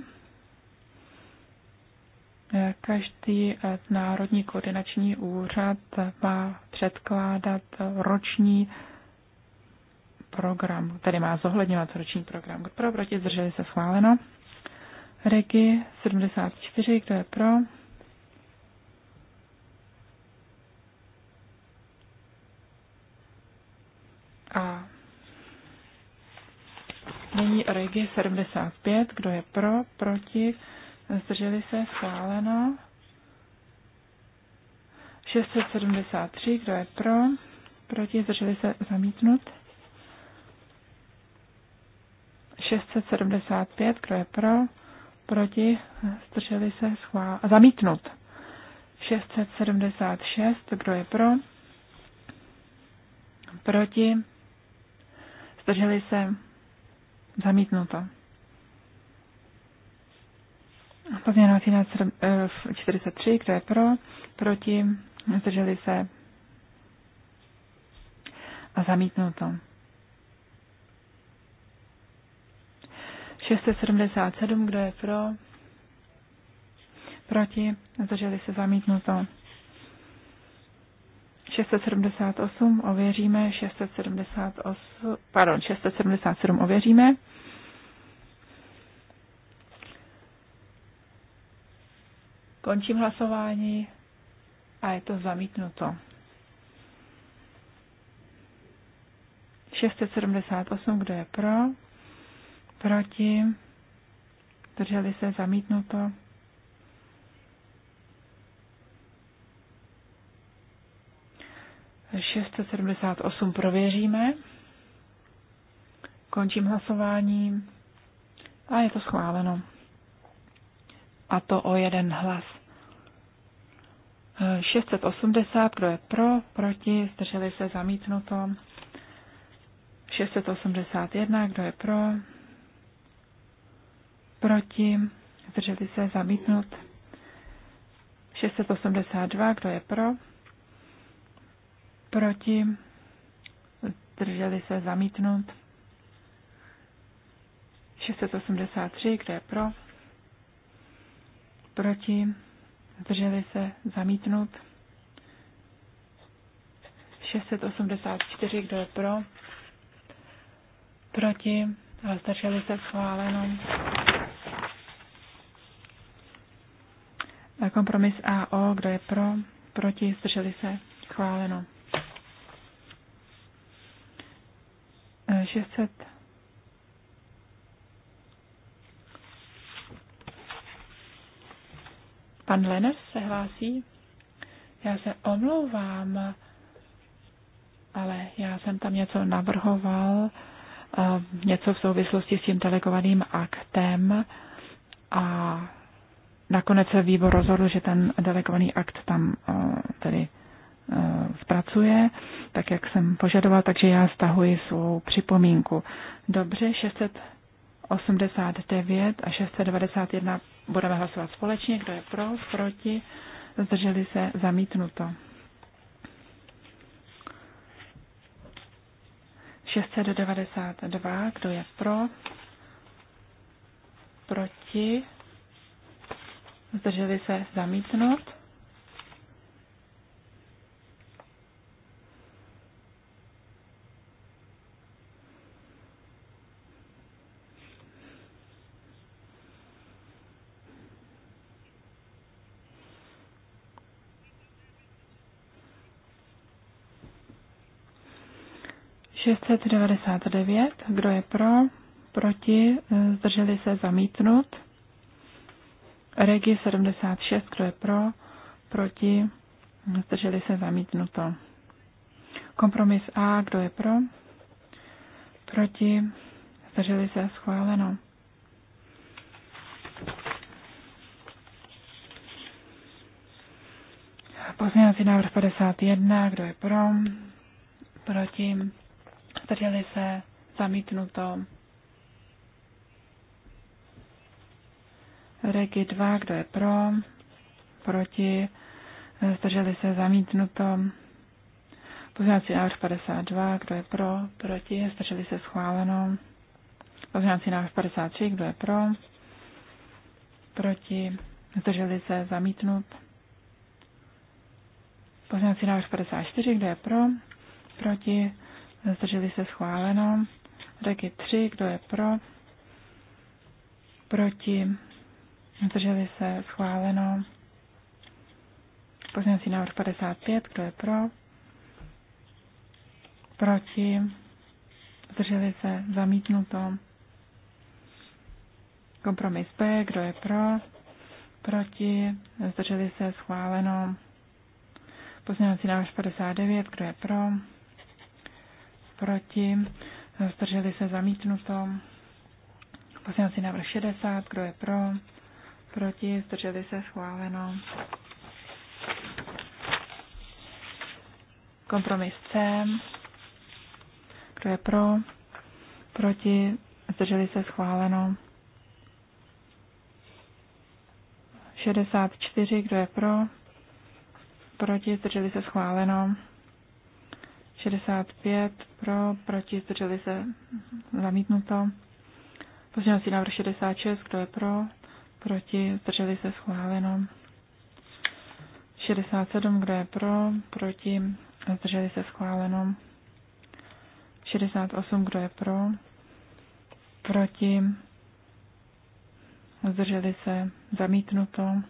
[SPEAKER 2] eh, Každý eh, národní koordinační úřad má předkládat eh, roční program, tedy má zohledňovat roční program. Pro, proti, zdrželi se schváleno. Regi 74, kdo je pro? Nyní Regi 75, kdo je pro, proti, zdrželi se, schváleno. 673, kdo je pro, proti, zdrželi se, zamítnut. 675, kdo je pro, proti, zdrželi se, schvál, zamítnut. 676, kdo je pro, proti, zdrželi se, Zamítnuto. Pozměnovací návrh 43, eh, kdo je pro, proti, zdrželi se a zamítnuto. 677, kdo je pro, proti, zdrželi se zamítnuto. 678 ověříme, 678, pardon, 677 ověříme. Končím hlasování a je to zamítnuto. 678, kdo je pro? Proti? Drželi se zamítnuto. 678 prověříme. Končím hlasování a je to schváleno. A to o jeden hlas. 680, kdo je pro, proti, zdrželi se zamítnuto. 681, kdo je pro, proti, zdrželi se zamítnut. 682, kdo je pro, proti, zdrželi se zamítnout. 683, kde je pro, proti, zdrželi se zamítnout. 684, kdo je pro, proti, zdrželi se schváleno. Kompromis AO, kdo je pro, proti, zdrželi se chváleno 600. Pan Leners se hlásí. Já se omlouvám, ale já jsem tam něco navrhoval, eh, něco v souvislosti s tím delegovaným aktem a nakonec se výbor rozhodl, že ten delegovaný akt tam eh, tedy Eh, zpracuje, tak jak jsem požadoval, takže já stahuji svou připomínku. Dobře, 689 a 691 budeme hlasovat společně. Kdo je pro, proti, zdrželi se, zamítnuto. 692, kdo je pro, proti, zdrželi se, zamítnout. 699. Kdo je pro? Proti? Zdrželi se zamítnut. Regi 76. Kdo je pro? Proti? Zdrželi se zamítnuto. Kompromis A. Kdo je pro? Proti? Zdrželi se schváleno. Pozměňovací návrh 51. Kdo je pro? Proti? drželi se, zamítnuto. Regi 2, kdo je pro, proti, zdrželi se, zamítnuto. Pozměňovací návrh 52, kdo je pro, proti, zdrželi se, schváleno. Pozměňovací návrh 53, kdo je pro, proti, zdrželi se, zamítnut. Pozměňovací návrh 54, kdo je pro, proti, zdrželi se schváleno. Regi 3, kdo je pro, proti, zdrželi se schváleno. Pozměňovací návrh 55, kdo je pro, proti, zdrželi se zamítnuto. Kompromis B, kdo je pro, proti, zdrželi se schváleno. Pozměňovací návrh 59, kdo je pro, proti, zdrželi se zamítnuto. Poslanci návrh 60, kdo je pro, proti, zdrželi se schváleno. Kompromis C, kdo je pro, proti, zdrželi se schváleno. 64, kdo je pro, proti, zdrželi se schváleno. 65 pro, proti, zdrželi se, zamítnuto. Pozměňovací návrh 66, kdo je pro, proti, zdrželi se, schváleno. 67, kdo je pro, proti, zdrželi se, schváleno. 68, kdo je pro, proti, zdrželi se, zamítnuto.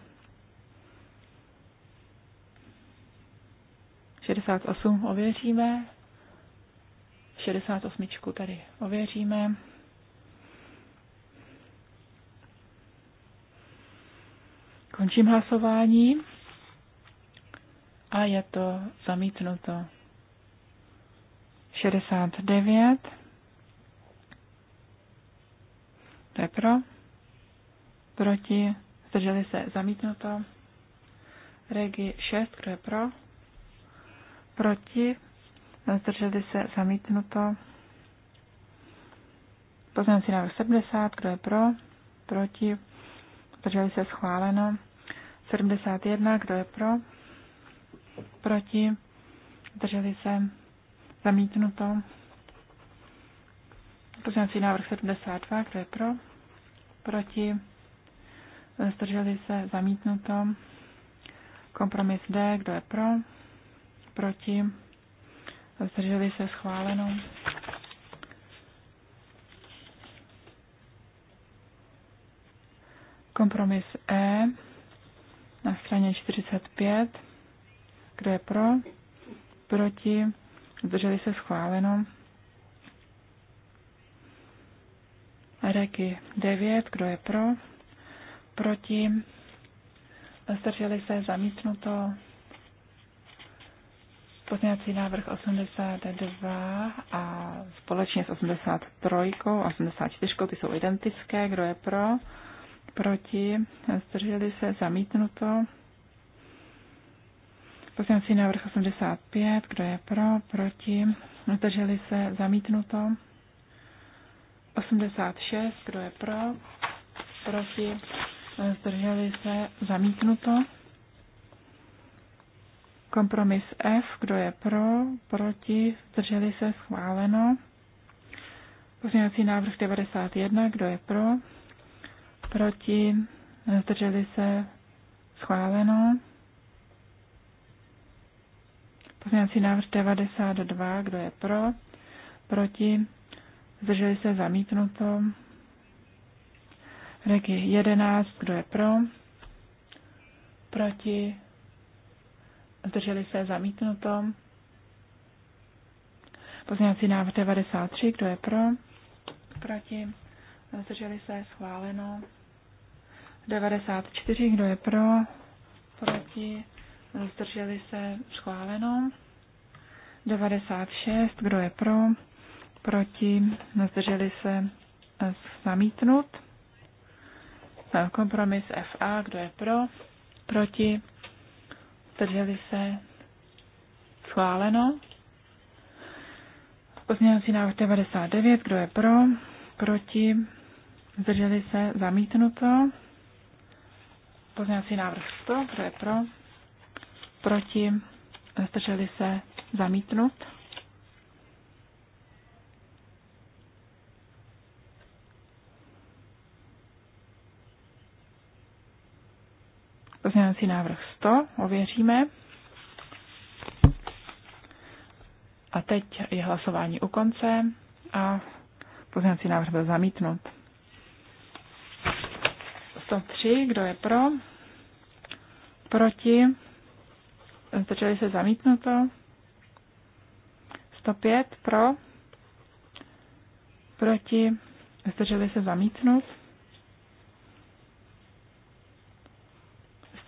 [SPEAKER 2] 68 ověříme. 68 tady ověříme. Končím hlasování a je to zamítnuto. 69. To je pro. Proti. Zdrželi se zamítnuto. Regi 6. Kdo je pro? proti, zdrželi se zamítnuto. Pozměňovací návrh 70, kdo je pro, proti, zdrželi se schváleno. 71, kdo je pro, proti, zdrželi se zamítnuto. Pozměňovací návrh 72, kdo je pro, proti, zdrželi se zamítnuto. Kompromis D, kdo je pro, proti, zdrželi se schválenou Kompromis E na straně 45. Kdo je pro? Proti? Zdrželi se schváleno. Reky 9. Kdo je pro? Proti? Zdrželi se zamítnuto. Pozměňovací návrh 82 a společně s 83 a 84, ty jsou identické. Kdo je pro? Proti? Zdrželi se? Zamítnuto. Pozměňovací návrh 85. Kdo je pro? Proti? Zdrželi se? Zamítnuto. 86. Kdo je pro? Proti? Zdrželi se? Zamítnuto. Kompromis F, kdo je pro, proti, zdrželi se, schváleno. Pozměňovací návrh 91, kdo je pro, proti, zdrželi se, schváleno. Pozměňovací návrh 92, kdo je pro, proti, zdrželi se, zamítnuto. Regi 11, kdo je pro, proti, zdrželi se, zamítnuto. Pozměňovací návrh 93, kdo je pro, proti, zdrželi se, schváleno. 94, kdo je pro, proti, zdrželi se, schváleno. 96, kdo je pro, proti, zdrželi se, zamítnut. Kompromis FA, kdo je pro, proti, zdrželi se, schváleno. Pozměňovací návrh 99, kdo je pro, proti, zdrželi se, zamítnuto. Pozměňovací návrh 100, kdo je pro, proti, zdrželi se, zamítnut. Pozměňovací návrh 100 ověříme. A teď je hlasování u konce a pozměňovací návrh byl zamítnut. 103, kdo je pro? Proti? Zdrželi se zamítnuto? 105 pro? Proti? Zdrželi se zamítnut?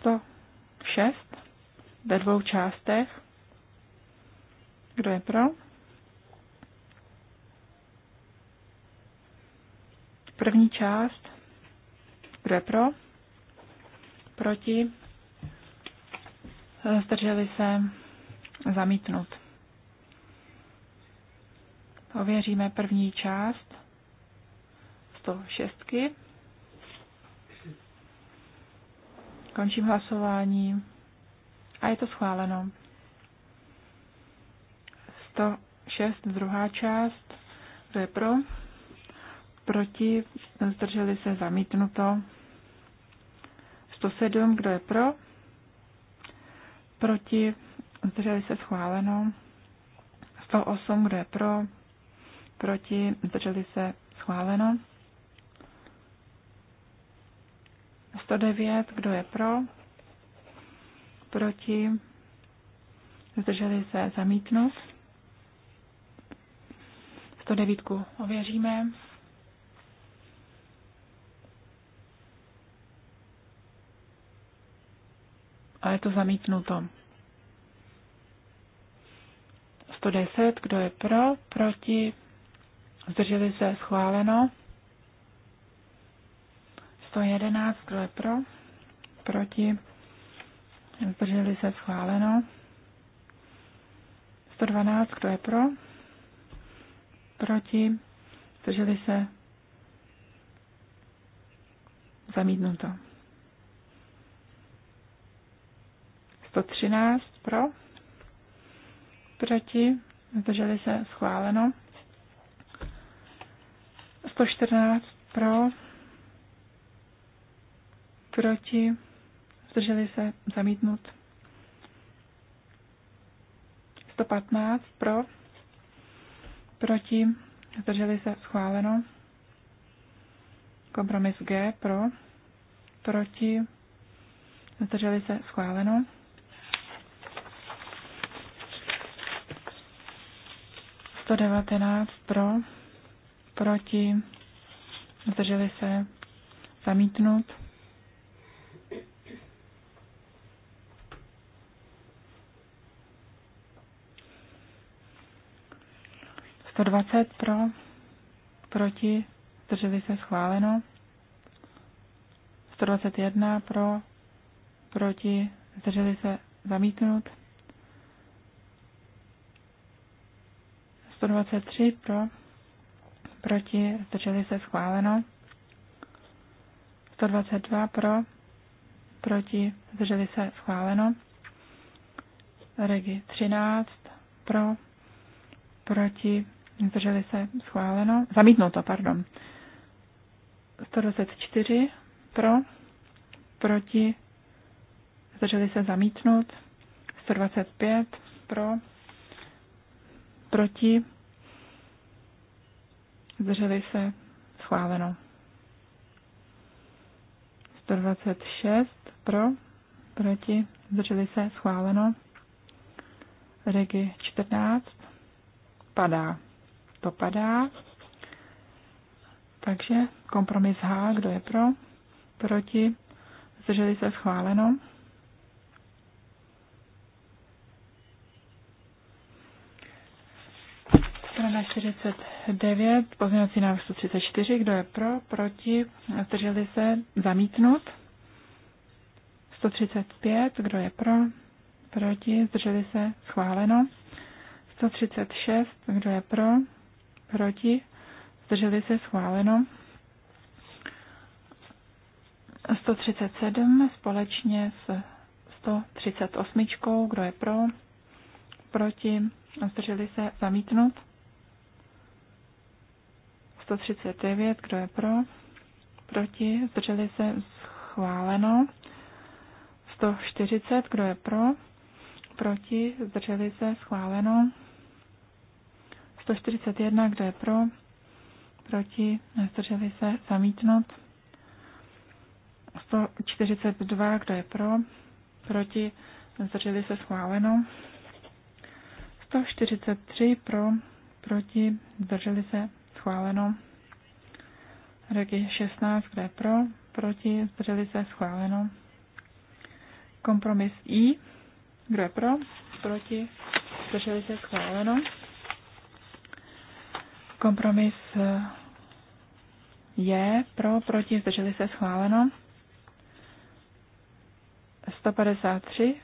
[SPEAKER 2] 106 ve dvou částech. Kdo je pro? První část. Kdo je pro? Proti? Zdrželi se zamítnout. Ověříme první část 106. Končím hlasování. A je to schváleno. 106, druhá část. Kdo je pro? Proti? Zdrželi se zamítnuto. 107, kdo je pro? Proti? Zdrželi se schváleno. 108, kdo je pro? Proti? Zdrželi se schváleno. 109, kdo je pro? Proti? Zdrželi se zamítnout. 109 ověříme. A je to zamítnuto. 110, kdo je pro, proti, zdrželi se, schváleno. 111, kdo je pro? Proti? Zdrželi se schváleno. 112, kdo je pro? Proti? Zdrželi se zamítnuto. 113 pro, proti, zdrželi se schváleno. 114 pro, proti, zdrželi se, zamítnut. 115 pro, proti, zdrželi se, schváleno. Kompromis G pro, proti, zdrželi se, schváleno. Sto devatenáct pro, proti, zdrželi se, zamítnout. 120 pro, proti, zdrželi se schváleno. 121 pro, proti, zdrželi se zamítnut. 123 pro, proti, zdrželi se schváleno. 122 pro, proti, zdrželi se schváleno. Regi 13 pro, proti, Zdrželi se schváleno. Zamítnuto, pardon. 124 pro, proti, zdrželi se zamítnout. 125 pro, proti, zdrželi se schváleno. 126 pro, proti, zdrželi se schváleno. Regi 14 padá to padá. Takže kompromis H, kdo je pro, proti, zdrželi se schváleno. Strana 49, pozměňovací návrh 134, kdo je pro, proti, zdrželi se zamítnut. 135, kdo je pro, proti, zdrželi se schváleno. 136, kdo je pro, proti, zdrželi se schváleno. 137 společně s 138, kdo je pro, proti, zdrželi se zamítnout. 139, kdo je pro, proti, zdrželi se schváleno. 140, kdo je pro, proti, zdrželi se schváleno. 141, kdo je pro, proti, nezdrželi se, zamítnout. 142, kdo je pro, proti, zdrželi se, schváleno. 143 pro, proti, zdrželi se, schváleno. Regi 16, kdo je pro, proti, zdrželi se, schváleno. Kompromis I, kdo je pro, proti, zdrželi se, schváleno. Kompromis eh, je pro, proti, zdrželi se schváleno. 153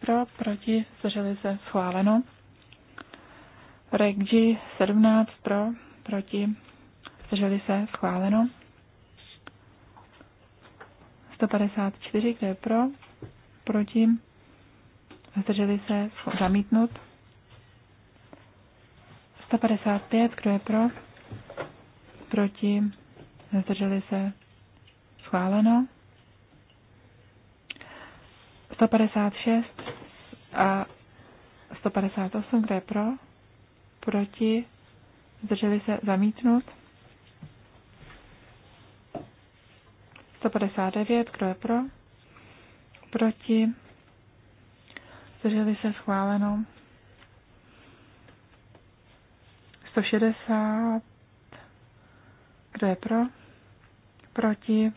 [SPEAKER 2] pro, proti, zdrželi se schváleno. Regi 17 pro, proti, zdrželi se schváleno. 154, kde je pro, proti, zdrželi se zamítnut. 155, kdo je pro? Proti? Zdrželi se? Schváleno. 156 a 158, kdo je pro? Proti? Zdrželi se? Zamítnut. 159, kdo je pro? Proti? Zdrželi se? Schváleno. 160. Kdo je pro? Proti?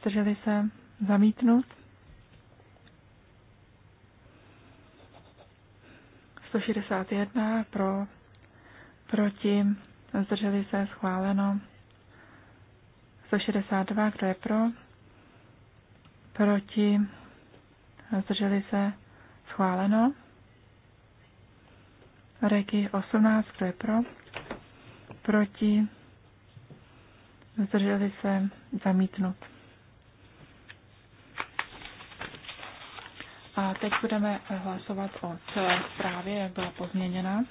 [SPEAKER 2] Zdrželi se? Zamítnut? 161 pro, proti, zdrželi se, schváleno. 162, kdo je pro, proti, zdrželi se, schváleno. Regi 18, kdo je pro? Proti? Zdrželi se zamítnut. A teď budeme hlasovat o celé zprávě, jak byla pozměněna.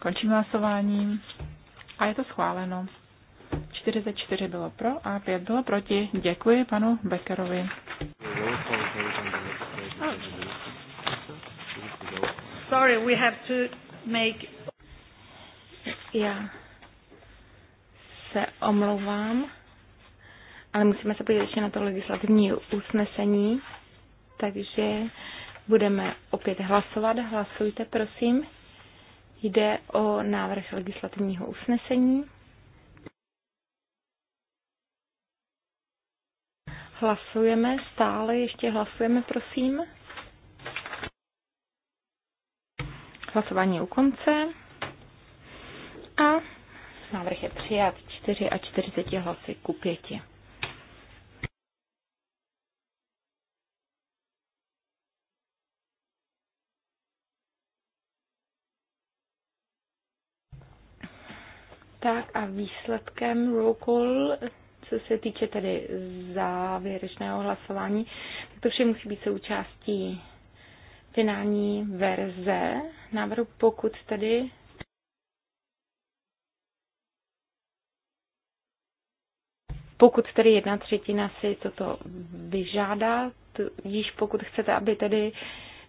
[SPEAKER 2] Končím hlasování a je to schváleno. 44 bylo pro a 5 bylo proti. Děkuji panu Beckerovi.
[SPEAKER 1] Sorry, we have
[SPEAKER 3] to make... Já se omlouvám, ale musíme se podívat ještě na to legislativní usnesení, takže budeme opět hlasovat. Hlasujte, prosím. Jde o návrh legislativního usnesení. Hlasujeme, stále ještě hlasujeme, prosím. Hlasování u konce. A návrh je přijat 4 a 40 hlasy ku 5. Tak a výsledkem roll call, co se týče tedy závěrečného hlasování, tak to vše musí být součástí finální verze návrhu, pokud tedy pokud tedy jedna třetina si toto vyžádá, již pokud chcete, aby tedy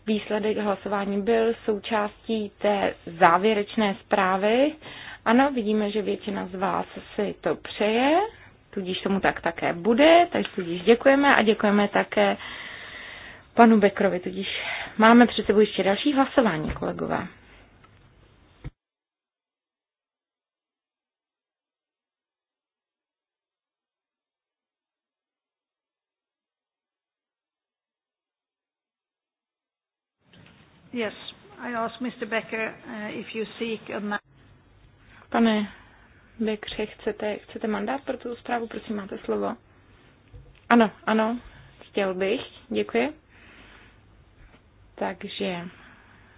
[SPEAKER 3] výsledek hlasování byl součástí té závěrečné zprávy ano, vidíme, že většina z vás si to přeje, tudíž tomu tak také bude, takže tudíž děkujeme a děkujeme také panu Bekrovi, tudíž máme před sebou ještě další hlasování, kolegové. Yes, I ask Mr. Becker uh, if you seek a Pane Bekře, chcete, chcete mandát pro tu zprávu? Prosím, máte slovo. Ano, ano, chtěl bych. Děkuji. Takže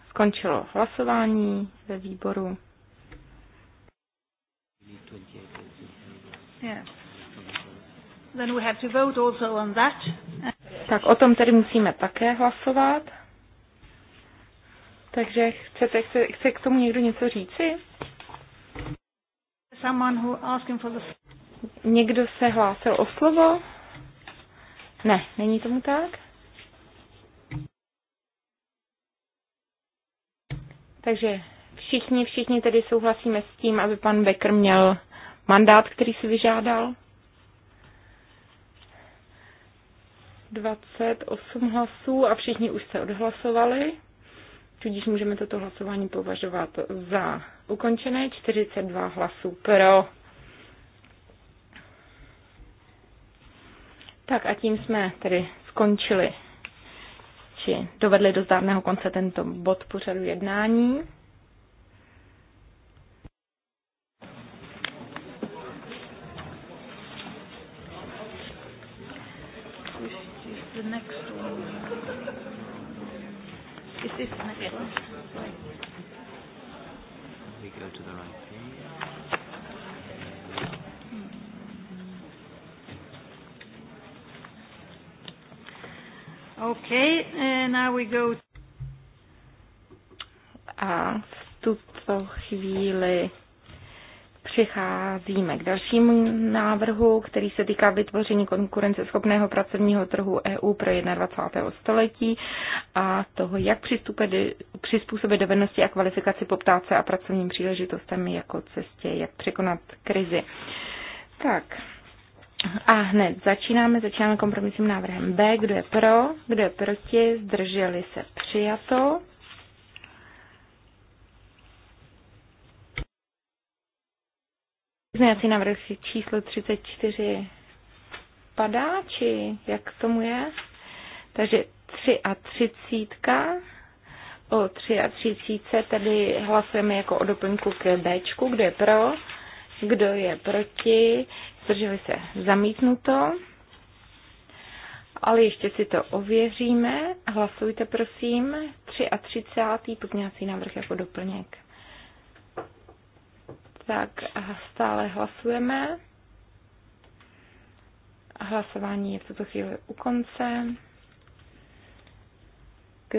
[SPEAKER 3] skončilo hlasování ve výboru. Yeah.
[SPEAKER 1] Then we have to vote also on that.
[SPEAKER 3] Tak o tom tedy musíme také hlasovat. Takže chcete, chce, chce k tomu někdo něco říci? Someone who asking for the... Někdo se hlásil o slovo? Ne, není tomu tak? Takže všichni, všichni tedy souhlasíme s tím, aby pan Becker měl mandát, který si vyžádal. 28 hlasů a všichni už se odhlasovali. Tudíž můžeme toto hlasování považovat za ukončené 42 hlasů pro. Tak a tím jsme tedy skončili, či dovedli do zdárného konce tento bod pořadu jednání.
[SPEAKER 1] The next one. We go to the right
[SPEAKER 3] Okay, and now we go. A v tuto chvíli Přicházíme k dalšímu návrhu, který se týká vytvoření konkurenceschopného pracovního trhu EU pro 21. století a toho, jak přizpůsobit dovednosti a kvalifikaci poptávce a pracovním příležitostem jako cestě, jak překonat krizi. Tak, a hned začínáme, začínáme kompromisním návrhem B, kdo je pro, kdo je proti, zdrželi se přijato. Pozměňovací návrh číslo 34 padá, či jak tomu je? Takže 3 a 30. O 3 a 30 tedy hlasujeme jako o doplňku k B, kdo je pro, kdo je proti, zdrželi se zamítnuto. Ale ještě si to ověříme. Hlasujte prosím. 3 a 30. pozměňovací návrh jako doplněk tak eh, stále hlasujeme. Hlasování je v tuto chvíli u konce. K,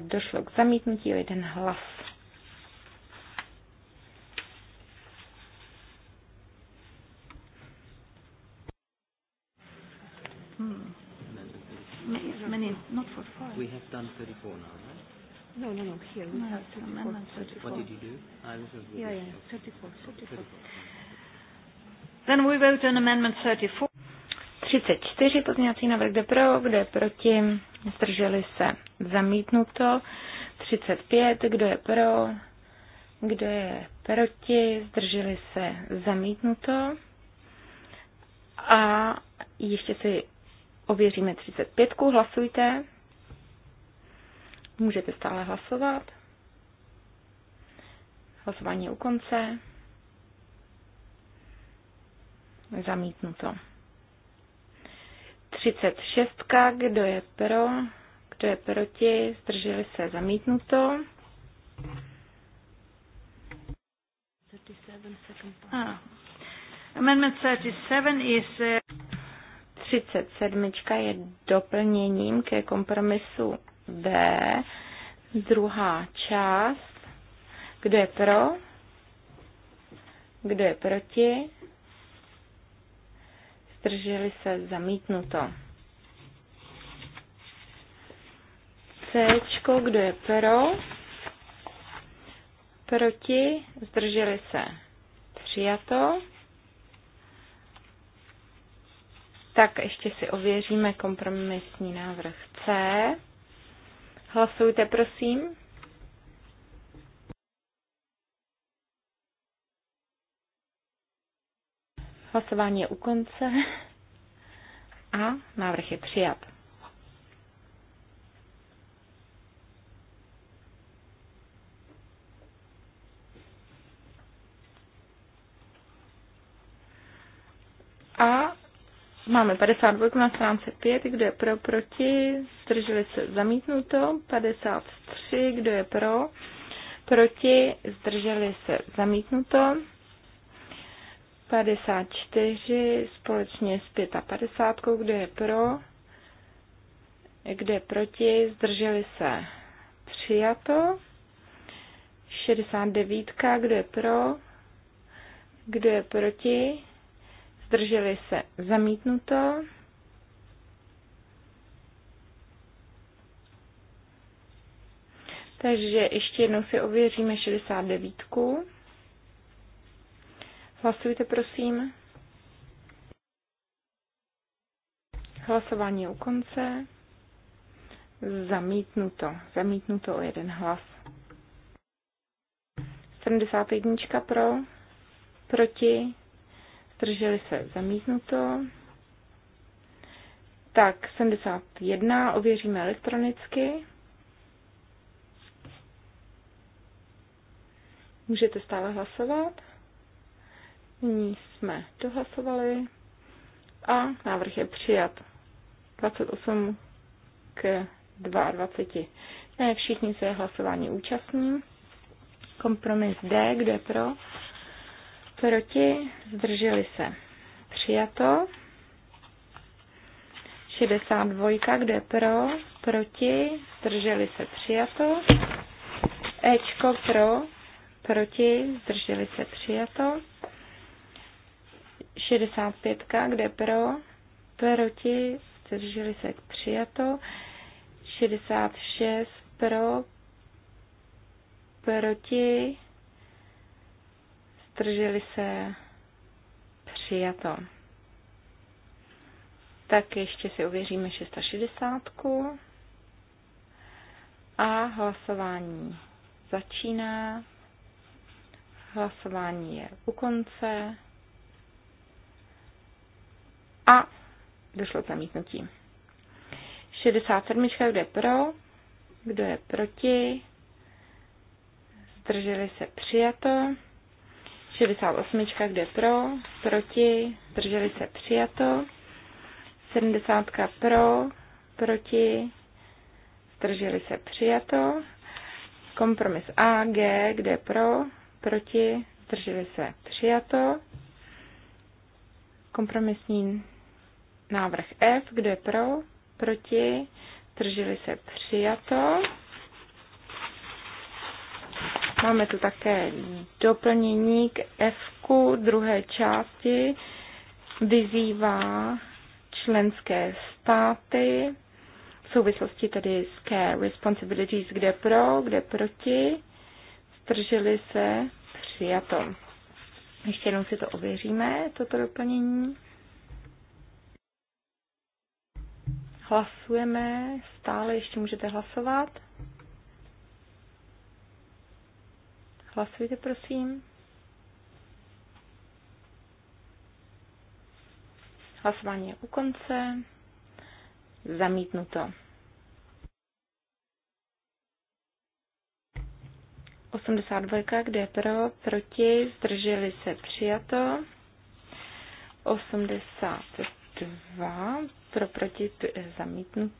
[SPEAKER 3] došlo k zamítnutí o jeden hlas. Hmm.
[SPEAKER 1] Many, many, not for five. We have done 34 now, right?
[SPEAKER 3] No, no, no, here we no, have 34, 34. What did you do? Ah, this is yeah, yeah, 34, 34. Then we vote on amendment 34. 34 pozměňovací návrh, jde pro, kde proti, zdrželi se zamítnuto. 35, kdo je pro, kdo je proti, zdrželi se zamítnuto. A ještě si ověříme 35, hlasujte. Můžete stále hlasovat. Hlasování je u konce. Zamítnuto. 36. Kdo je pro? Kdo je proti? Zdrželi se zamítnuto. Ah. Amendment 37 is... 37. Uh, je doplněním ke kompromisu B, druhá část, kdo je pro, kdo je proti, zdrželi se zamítnuto. C, kdo je pro, proti, zdrželi se přijato. Tak ještě si ověříme kompromisní návrh C. Hlasujte, prosím. Hlasování je u konce a návrh je přijat. A Máme 52 na stránce 5, kdo je pro, proti, zdrželi se zamítnuto, 53, kdo je pro, proti, zdrželi se zamítnuto, 54 společně s 55, kdo je pro, kdo je proti, zdrželi se přijato, 69, kdo je pro, kdo je proti, zdrželi se zamítnuto. Takže ještě jednou si ověříme 69. Hlasujte, prosím. Hlasování je u konce. Zamítnuto. Zamítnuto o jeden hlas. 71 pro, proti, zdrželi se zamíznuto. Tak, 71 ověříme elektronicky. Můžete stále hlasovat. Nyní jsme dohlasovali a návrh je přijat. 28 k 22. Ne všichni se hlasování účastní. Kompromis D, kde pro? Proti? Zdrželi se. Přijato. 62, kde pro, proti, zdrželi se přijato. Ečko pro, proti, zdrželi se přijato. 65, kde pro, proti, zdrželi se přijato. 66, pro, proti, zdrželi se, přijato. Tak ještě si uvěříme 660. A hlasování začíná. Hlasování je u konce. A došlo k zamítnutí. 67. Kdo je pro? Kdo je proti? Zdrželi se přijato. 68, kde pro, proti, drželi se přijato. 70 pro, proti, zdrželi se přijato. Kompromis G, kde pro, proti, zdrželi se přijato. Kompromisní návrh F, kde pro, proti, zdrželi se přijato. Máme tu také doplnění k F druhé části. Vyzývá členské státy v souvislosti tedy s care responsibilities, kde pro, kde proti, zdrželi se přijato. Ještě jednou si to ověříme, toto doplnění. Hlasujeme, stále ještě můžete hlasovat. Hlasujte, prosím. Hlasování je u konce. Zamítnuto. 82, kde je pro, proti, zdrželi se, přijato. 82, pro, proti, zamítnuto,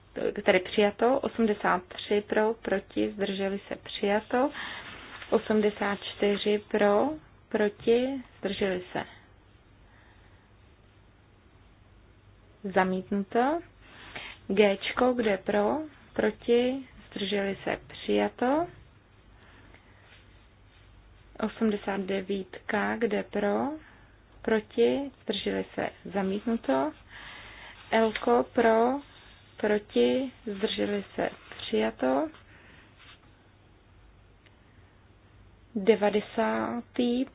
[SPEAKER 3] tedy přijato. 83, pro, proti, zdrželi se, přijato. 84 pro, proti, zdrželi se. Zamítnuto. G, kde pro, proti, zdrželi se, přijato. 89, kde pro, proti, zdrželi se, zamítnuto. L pro, proti, zdrželi se, přijato. 90.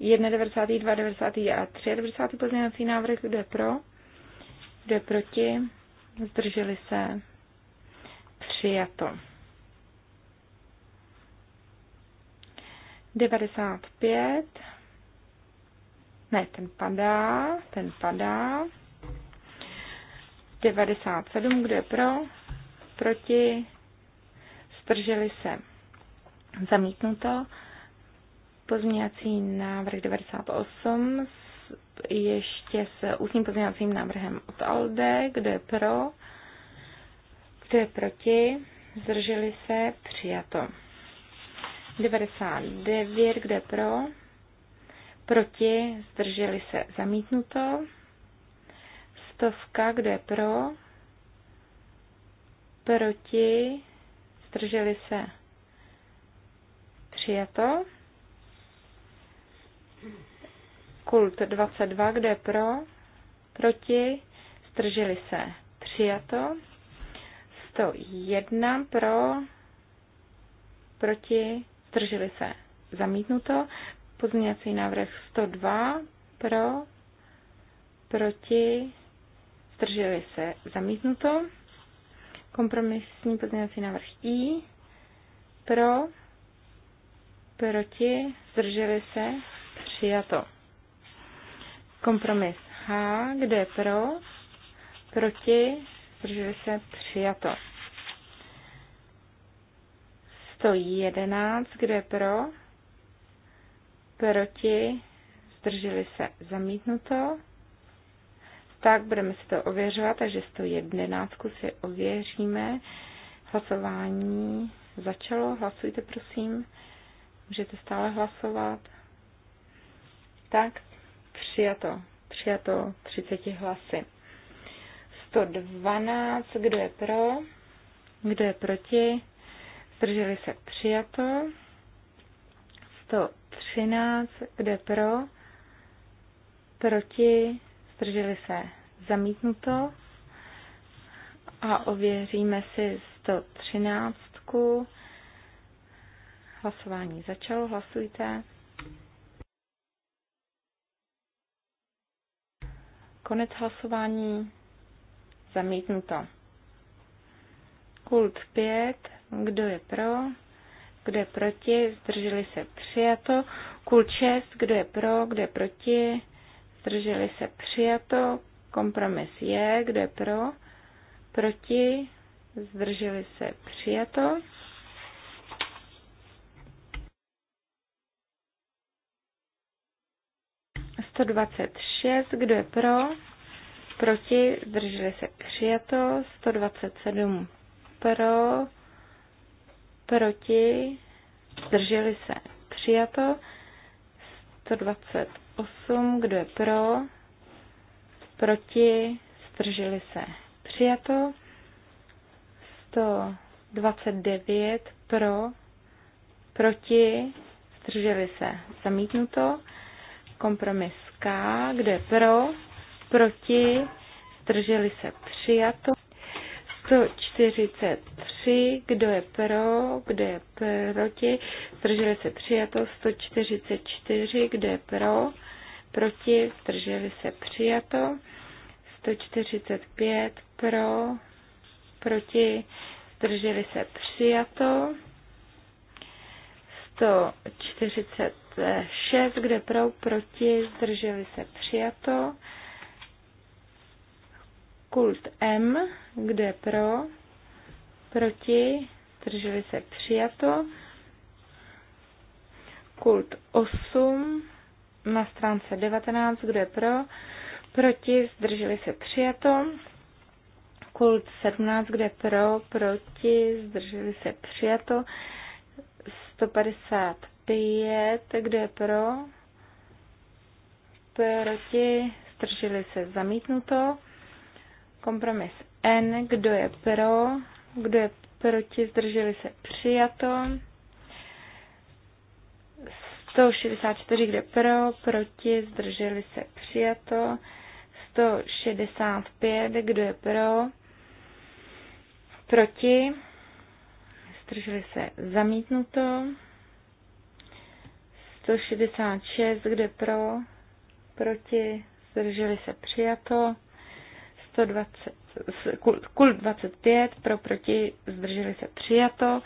[SPEAKER 3] 91, 92, a 93 pozměňovací návrh, kdo je pro, kdo je proti, zdrželi se, přijato. 95, ne, ten padá, ten padá. 97, kdo je pro, proti, zdrželi se, Zamítnuto. Pozměňovací návrh 98 ještě s ústním pozměňovacím návrhem od ALDE. Kdo je pro? Kdo je proti? Zdrželi se? Přijato. 99, kde pro? Proti? Zdrželi se? Zamítnuto. Stovka, kde pro? Proti? Zdrželi se? Přijato. Kult 22, kde pro? Proti? Zdrželi se. Přijato. 101 pro? Proti? Zdrželi se. Zamítnuto. Pozměňovací návrh 102 pro? Proti? Zdrželi se. Zamítnuto kompromisní pozměňovací návrh I pro, proti, zdrželi se, přijato. Kompromis H, kde je pro, proti, zdrželi se, přijato. 111, kde je pro, proti, zdrželi se, zamítnuto. Tak budeme si to ověřovat, takže 111 si ověříme. Hlasování začalo, hlasujte prosím. Můžete stále hlasovat. Tak, přijato. Přijato 30 hlasy. 112, kdo je pro, kdo je proti, zdrželi se přijato. 113, kdo je pro, proti, zdrželi se zamítnuto. A ověříme si 113. Hlasování začalo, hlasujte. Konec hlasování. Zamítnuto. Kult 5. Kdo je pro? Kdo je proti? Zdrželi se přijato. Kult 6. Kdo je pro? Kdo je proti? Zdrželi se přijato. Kompromis je. Kdo je pro? Proti? Zdrželi se přijato. 126, kdo je pro, proti, zdrželi se přijato, 127 pro, proti, zdrželi se přijato, 128, kdo je pro, proti, zdrželi se přijato, 129 pro, proti, zdrželi se zamítnuto, kompromis k, kde pro, proti, strželi se přijato. 143, kdo je pro, kdo je proti, strželi se přijato. 144, kdo je pro, proti, strželi se přijato. 145 pro, proti, strželi se přijato. 140, 6, kde pro, proti, zdrželi se přijato. Kult M, kde pro, proti, zdrželi se přijato. Kult 8, na stránce 19, kde pro, proti, zdrželi se přijato. Kult 17, kde pro, proti, zdrželi se přijato. 150 pět, kdo je pro, proti, zdrželi se zamítnuto. Kompromis N, kdo je pro, kdo je proti, zdrželi se přijato. 164, kde pro, proti, zdrželi se přijato. 165, kdo je pro, proti, zdrželi se zamítnuto. 166, kde pro, proti, zdrželi se přijato, 120, kul 25, pro, proti, zdrželi se přijato,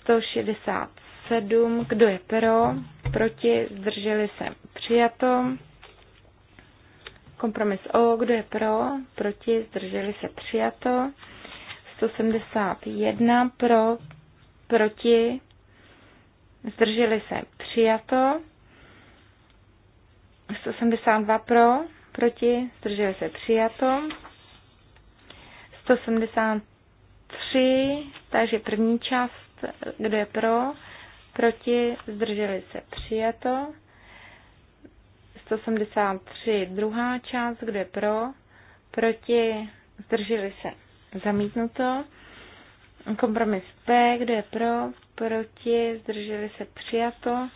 [SPEAKER 3] 167, kdo je pro, proti, zdrželi se přijato, kompromis O, kdo je pro, proti, zdrželi se přijato, 171 pro, proti, zdrželi se přijato. 172 pro, proti, zdrželi se přijato. 173, takže první část, kdo je pro, proti, zdrželi se přijato. 183. druhá část, kdo je pro, proti, zdrželi se zamítnuto. Kompromis P, kdo je pro, proti, zdrželi se přijato.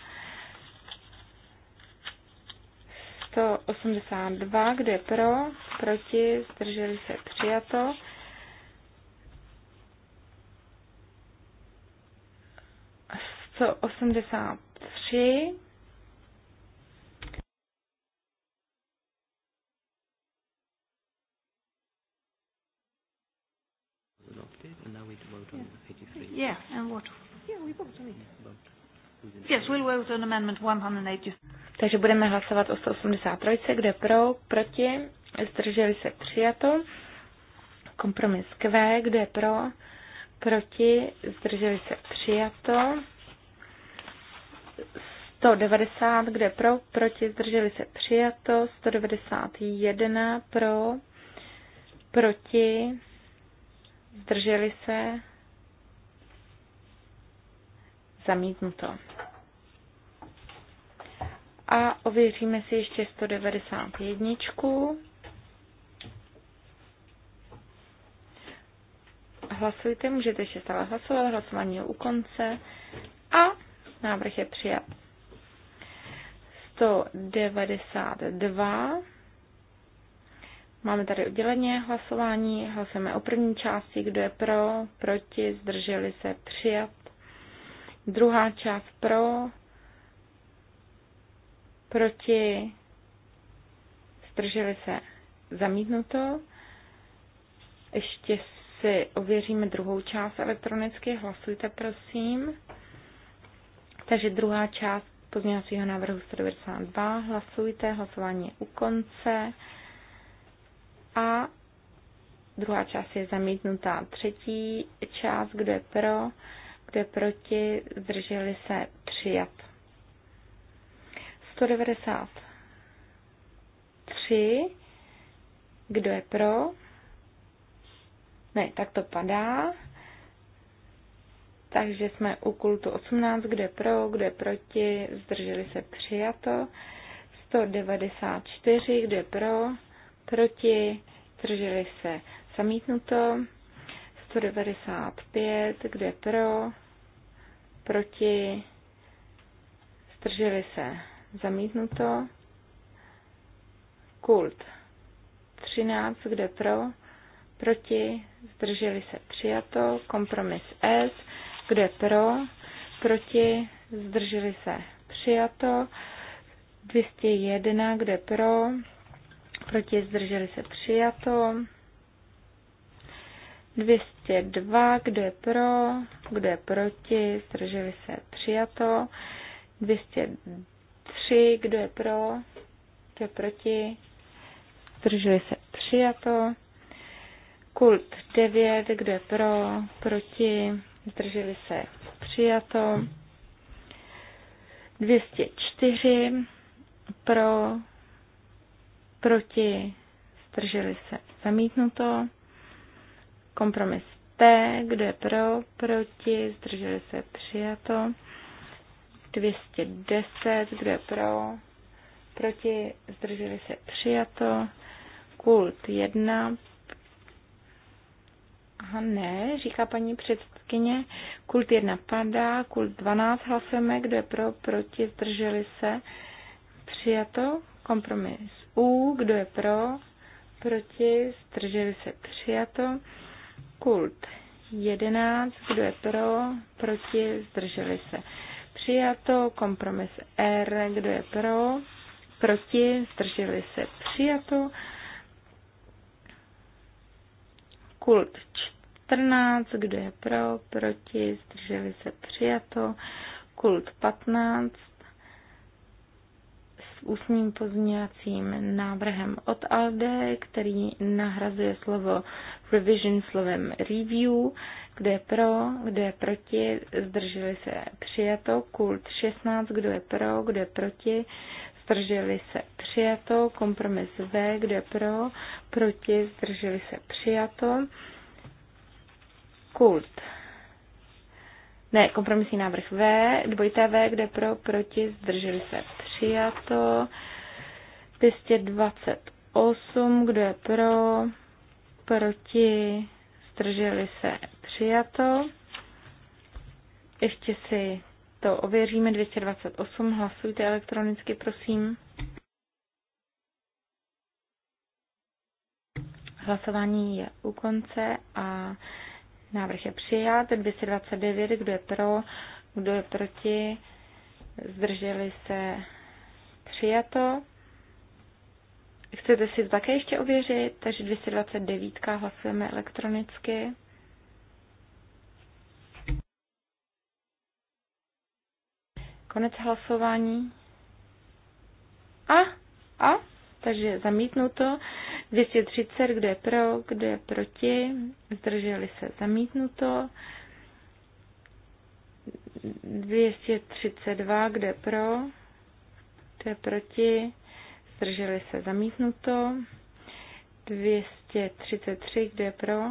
[SPEAKER 3] 182, kdo je pro, proti, zdrželi se přijato. 183.
[SPEAKER 1] now we vote on yeah. 83. Yeah, and what? Yeah, we vote on it. Yes, we'll vote on amendment
[SPEAKER 3] 183. Takže budeme hlasovat o 183, kde pro, proti, zdrželi se přijato. Kompromis Q, kde pro, proti, zdrželi se přijato. 190, kde pro, proti, zdrželi se přijato. 191 pro, proti, zdrželi se, zamítnuto. A ověříme si ještě 191. Hlasujte, můžete ještě stále hlasovat, hlasování je u konce a návrh je přijat. 192 Máme tady odděleně hlasování, hlasujeme o první části, kdo je pro, proti, zdrželi se, přijat. Druhá část pro, proti, zdrželi se, zamítnuto. Ještě si ověříme druhou část elektronicky, hlasujte prosím. Takže druhá část pozměňovacího návrhu 192, hlasujte, hlasování je u konce a druhá část je zamítnutá. Třetí část, kdo je pro, kdo je proti, zdrželi se přijat. 193, kdo je pro, ne, tak to padá. Takže jsme u kultu 18, kde pro, kde proti, zdrželi se přijato. 194, kde pro, proti, drželi se zamítnuto, 195, kde pro, proti, zdrželi se zamítnuto, kult 13, kde pro, proti, zdrželi se přijato, kompromis S, kde pro, proti, zdrželi se přijato, 201, kde pro, proti zdrželi se přijato. 202, kdo je pro, kdo je proti, zdrželi se přijato. 203, kdo je pro, kdo je proti, zdrželi se přijato. Kult 9, kdo je pro, proti, zdrželi se přijato. 204, pro, proti, zdrželi se, zamítnuto. Kompromis P, kdo je pro, proti, zdrželi se, přijato. 210, kdo je pro, proti, zdrželi se, přijato. Kult 1, Aha, ne, říká paní předsedkyně. Kult 1 padá, kult 12 hlasujeme, kdo je pro, proti, zdrželi se. Přijato, kompromis u, kdo je pro, proti, zdrželi se přijato. Kult 11, kdo je pro, proti, zdrželi se přijato. Kompromis R, kdo je pro, proti, zdrželi se přijato. Kult 14, kdo je pro, proti, zdrželi se přijato. Kult 15, ústním pozměňovacím návrhem od ALDE, který nahrazuje slovo revision slovem review, kdo je pro, kdo je proti, zdrželi se přijato, kult 16, kdo je pro, kdo je proti, zdrželi se přijato, kompromis V, kdo je pro, proti, zdrželi se přijato, kult ne, kompromisní návrh V, dvojité V, kde pro, proti, zdrželi se, přijato. 228, kdo je pro, proti, zdrželi se, přijato. Ještě si to ověříme, 228, hlasujte elektronicky, prosím. Hlasování je u konce a návrh je přijat. 229, kdo je pro, kdo je proti, zdrželi se přijato. Chcete si to také ještě ověřit, takže 229 hlasujeme elektronicky. Konec hlasování. A, a, takže zamítnuto. 230, kdo je pro, kdo je proti, zdrželi se zamítnuto. 232, kde pro, kdo je proti? Zdrželi se zamítnuto. 233. Kdo je pro?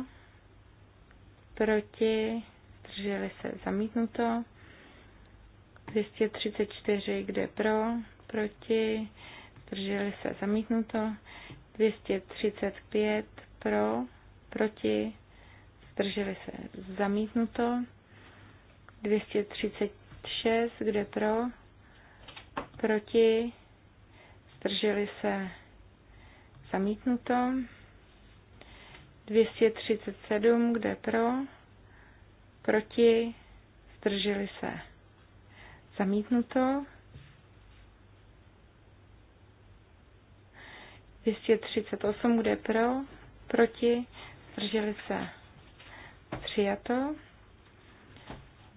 [SPEAKER 3] Proti? Zdrželi se zamítnuto. 234. Kdo je pro? Proti? Zdrželi se zamítnuto. 235. Pro? Proti? Zdrželi se zamítnuto. 236. Kde pro? proti, zdrželi se zamítnuto. 237, kde pro, proti, zdrželi se zamítnuto. 238, kde pro, proti, zdrželi se přijato.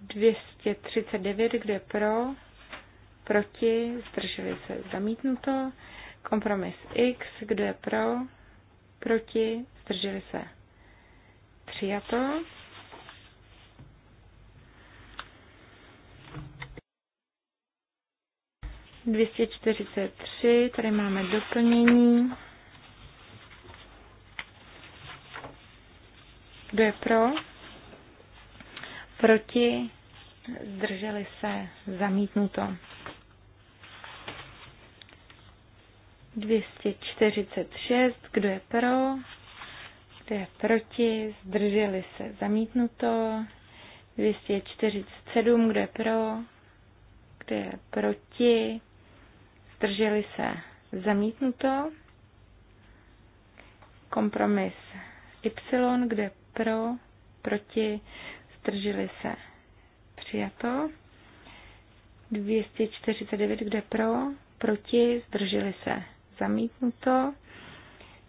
[SPEAKER 3] 239, kde pro, proti, zdrželi se zamítnuto. Kompromis X, kdo je pro, proti, zdrželi se přijato. Dvěstě tady máme doplnění. Kdo je pro? Proti? Zdrželi se? Zamítnuto. 246, kdo je pro, kdo je proti, zdrželi se, zamítnuto. 247, kdo je pro, kdo je proti, zdrželi se, zamítnuto. Kompromis Y, kde pro, proti, zdrželi se, přijato. 249, kde pro, proti, zdrželi se, zamítnuto.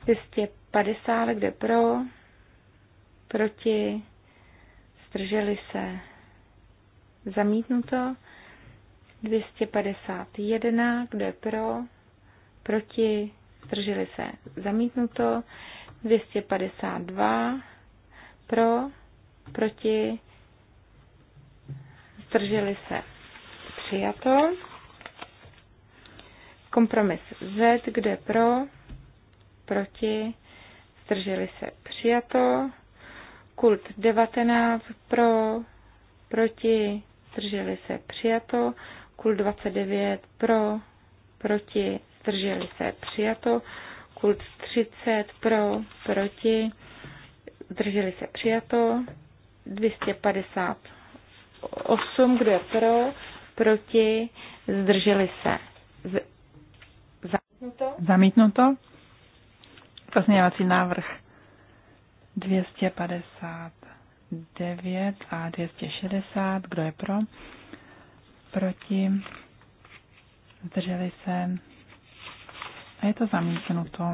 [SPEAKER 3] 250, kde pro, proti, strželi se, zamítnuto. 251, kde pro, proti, strželi se, zamítnuto. 252, pro, proti, strželi se, přijato. Kompromis Z, kde pro, proti, zdrželi se přijato. Kult 19 pro, proti, zdrželi se přijato. Kult 29 pro, proti, zdrželi se přijato. Kult 30 pro, proti, zdrželi se přijato. 258, kdo je pro, proti, zdrželi se
[SPEAKER 2] Zamítnuto. Zamítnuto. Pozměňovací návrh 259 a 260. Kdo je pro? Proti? Zdrželi se? A je to zamítnuto.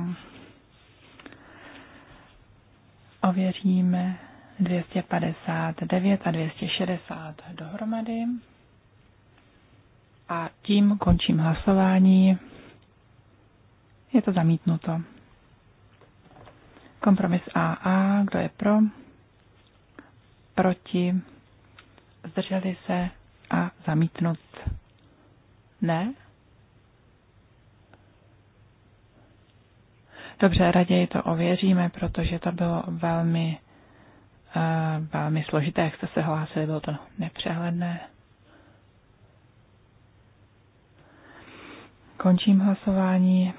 [SPEAKER 2] Ověříme 259 a 260 dohromady. A tím končím hlasování. Je to zamítnuto. Kompromis AA, kdo je pro? Proti? Zdrželi se a zamítnut? Ne? Dobře, raději to ověříme, protože to bylo velmi, uh, velmi složité, jak jste se hlásili, bylo to nepřehledné. Končím hlasování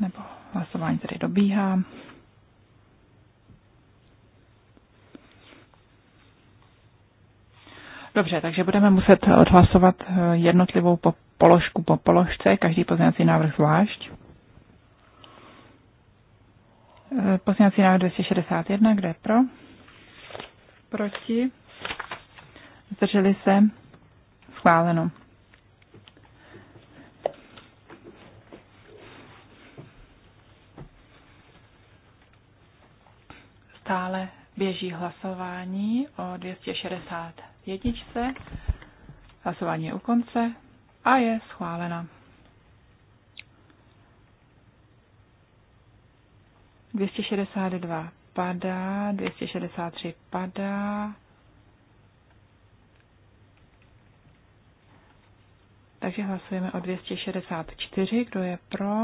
[SPEAKER 2] nebo hlasování tedy dobíhá. Dobře, takže budeme muset odhlasovat eh, jednotlivou po položku po položce, každý pozměňovací návrh zvlášť. Eh, pozměňovací návrh 261, kde je pro? Proti? Zdrželi se? Schváleno. stále běží hlasování o 261. Hlasování je u konce a je schválena. 262 padá, 263 padá. Takže hlasujeme o 264, kdo je pro,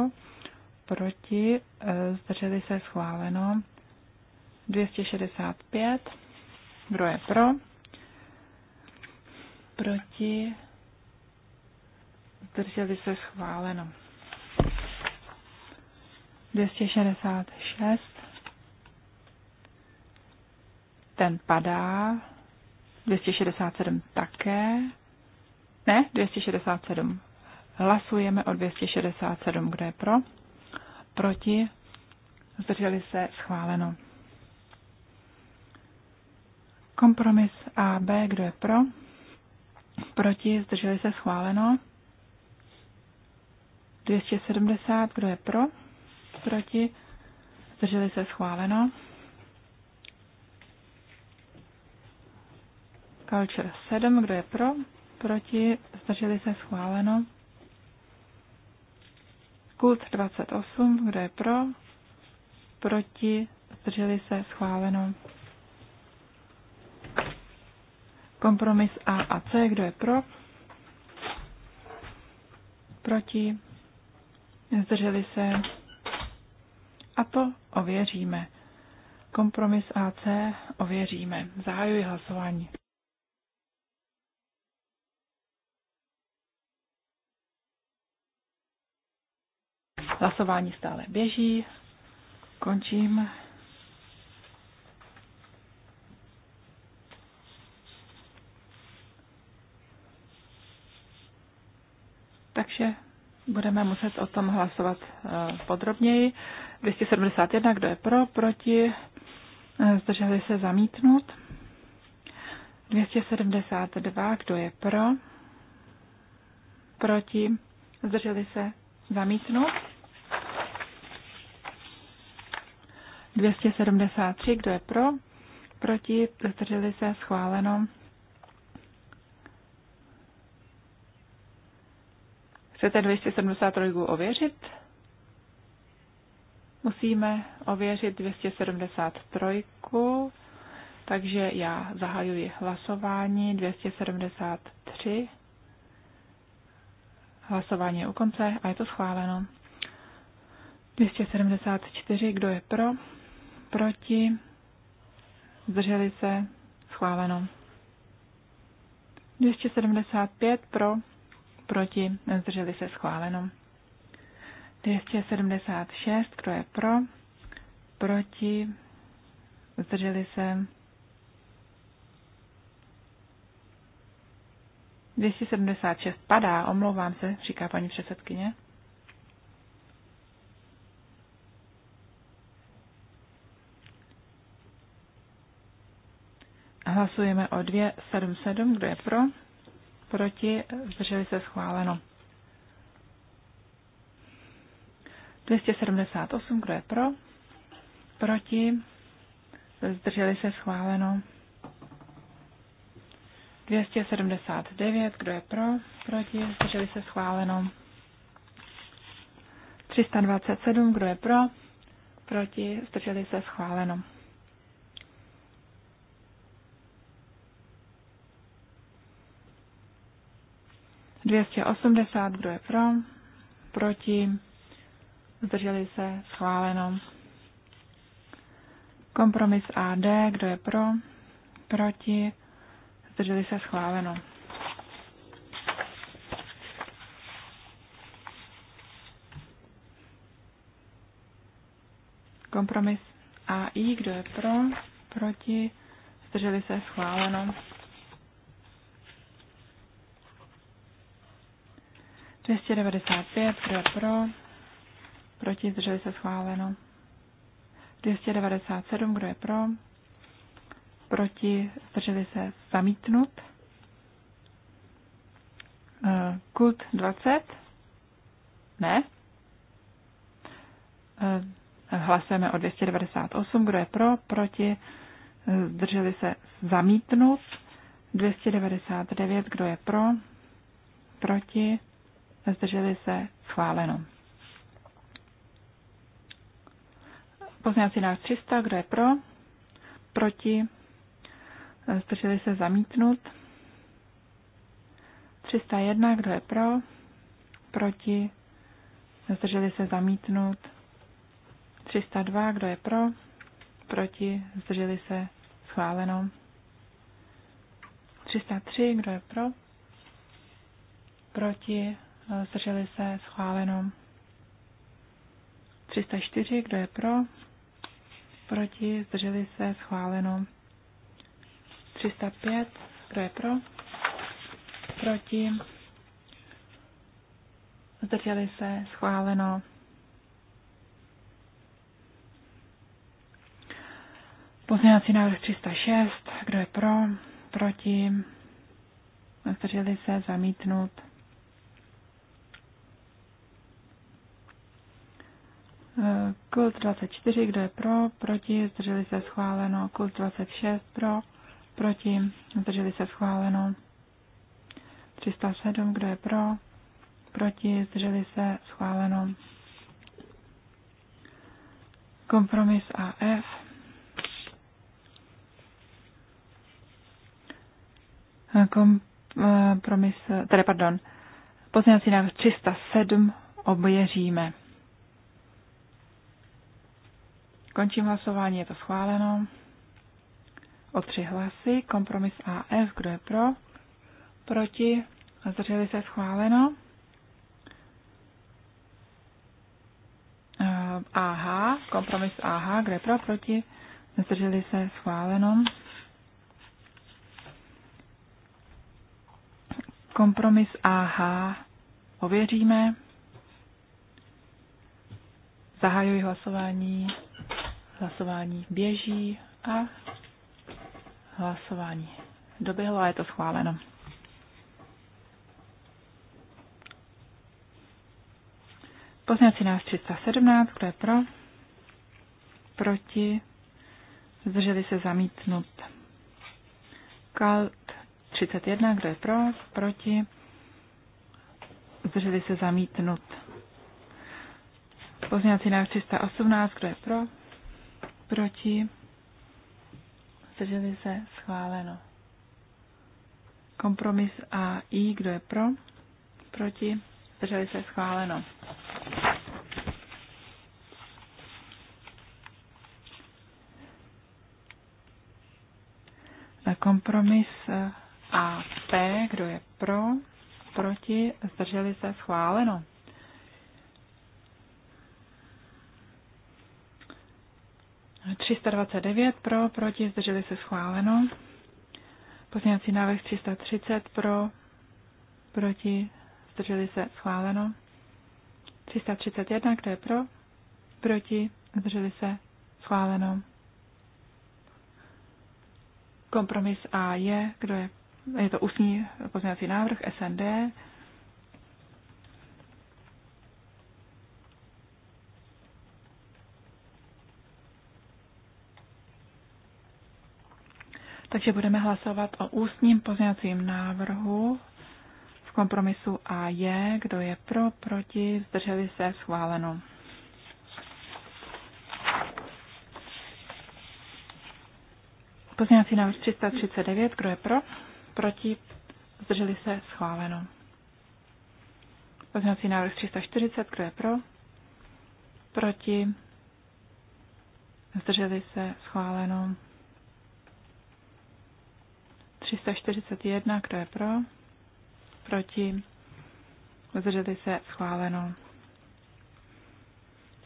[SPEAKER 2] proti, zdrželi se schváleno. 265. Kdo je pro? Proti? Zdrželi se schváleno. 266. Ten padá. 267 také. Ne, 267. Hlasujeme o 267. Kdo je pro? Proti? Zdrželi se schváleno. Kompromis B, kdo je pro? Proti, zdrželi se schváleno. 270, kdo je pro? Proti, zdrželi se schváleno. Culture 7, kdo je pro? Proti, zdrželi se schváleno. Kult 28, kdo je pro? Proti, zdrželi se schváleno. Kompromis A a C, kdo je pro? Proti? Zdrželi se? A to ověříme. Kompromis A C ověříme. Zahajuji hlasování. Hlasování stále běží. Končím takže budeme muset o tom hlasovat eh, podrobněji. 271, eh, kdo je pro, proti, zdrželi se zamítnout. 272, kdo je pro, proti, zdrželi se zamítnout. 273, kdo je pro, proti, zdrželi se schváleno. Chcete 273 ověřit? Musíme ověřit 273, takže já zahajuji hlasování 273. Hlasování je u konce a je to schváleno. 274, kdo je pro? Proti? Zdrželi se? Schváleno. 275 pro, proti, zdrželi se schváleno. 276, kdo je pro, proti, zdrželi se 276 padá, omlouvám se, říká paní předsedkyně. Hlasujeme o 277, kdo je pro, proti, zdrželi se schváleno. 278, kdo je pro, proti, zdrželi se schváleno. 279, kdo je pro, proti, zdrželi se schváleno. 327, kdo je pro, proti, zdrželi se schváleno. 280, kdo je pro, proti, zdrželi se, schváleno. Kompromis AD, kdo je pro, proti, zdrželi se, schváleno. Kompromis AI, kdo je pro, proti, zdrželi se, schváleno. 295, kdo pro, proti, zdrželi se schváleno. 297, kdo je pro, proti, zdrželi se zamítnut. Eh, kult 20, ne. Eh, hlasujeme o 298, kdo je pro, proti, zdrželi se zamítnut. 299, kdo je pro, proti, zdrželi se, schváleno. Pozměňovací návrh 300, kdo je pro, proti, zdrželi se, zamítnut. 301, kdo je pro, proti, zdrželi se, zamítnut. 302, kdo je pro, proti, zdrželi se, schváleno. 303, kdo je pro? Proti, zdrželi se, schváleno. 304, kdo je pro, proti, zdrželi se, schváleno. 305, kdo je pro, proti, zdrželi se, schváleno. Pozměňovací návrh 306, kdo je pro, proti, zdrželi se, zamítnut. Kult 24, kdo je pro, proti, zdrželi se schváleno. Kult 26, pro, proti, zdrželi se schváleno. 307, kdo je pro, proti, zdrželi se schváleno. Kompromis AF. Kompromis, eh, eh, tedy pardon, pozměňovací návrh 307 oběříme. Končím hlasování, je to schváleno. O tři hlasy, kompromis AF, kdo je pro, proti, zdrželi se schváleno. AH, kompromis AH, kde pro, proti, zdrželi se schváleno. Kompromis AH ověříme. Zahajuji hlasování. Hlasování běží a hlasování doběhlo a je to schváleno. Pozměňovací nás 317, kdo je pro? Proti? Zdrželi se zamítnut. Kalt 31, kdo je pro? Proti? Zdrželi se zamítnut. Pozměňovací návrh 318, kdo je pro? proti, zdrželi se, schváleno. Kompromis A, I, kdo je pro, proti, zdrželi se, schváleno. Na kompromis eh, A, P, kdo je pro, proti, zdrželi se, schváleno. 329 pro, proti, zdrželi se schváleno. Pozměňovací návrh 330 pro, proti, zdrželi se schváleno. 331, kde je pro, proti, zdrželi se schváleno. Kompromis A je, kdo je, je to ústní pozměňovací návrh SND, Takže budeme hlasovat o ústním pozměňovacím návrhu v kompromisu A je, kdo je pro, proti, zdrželi se, schváleno. Pozměňovací návrh 339, kdo je pro, proti, zdrželi se, schváleno. Pozměňovací návrh 340, kdo je pro, proti, zdrželi se, schváleno. 341, kdo je pro? Proti? Zdrželi se schváleno.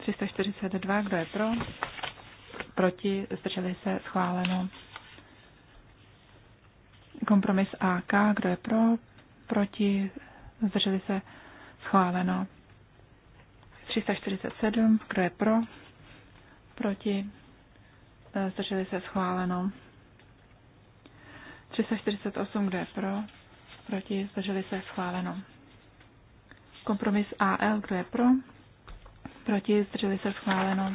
[SPEAKER 2] 342, kdo je pro? Proti? Zdrželi se schváleno. Kompromis AK, kdo je pro? Proti? Zdrželi se schváleno. 347, kdo je pro? Proti? Zdrželi se schváleno. 348, kdo je pro? Proti? Zdrželi se? Schváleno. Kompromis AL, kdo je pro? Proti? Zdrželi se? Schváleno.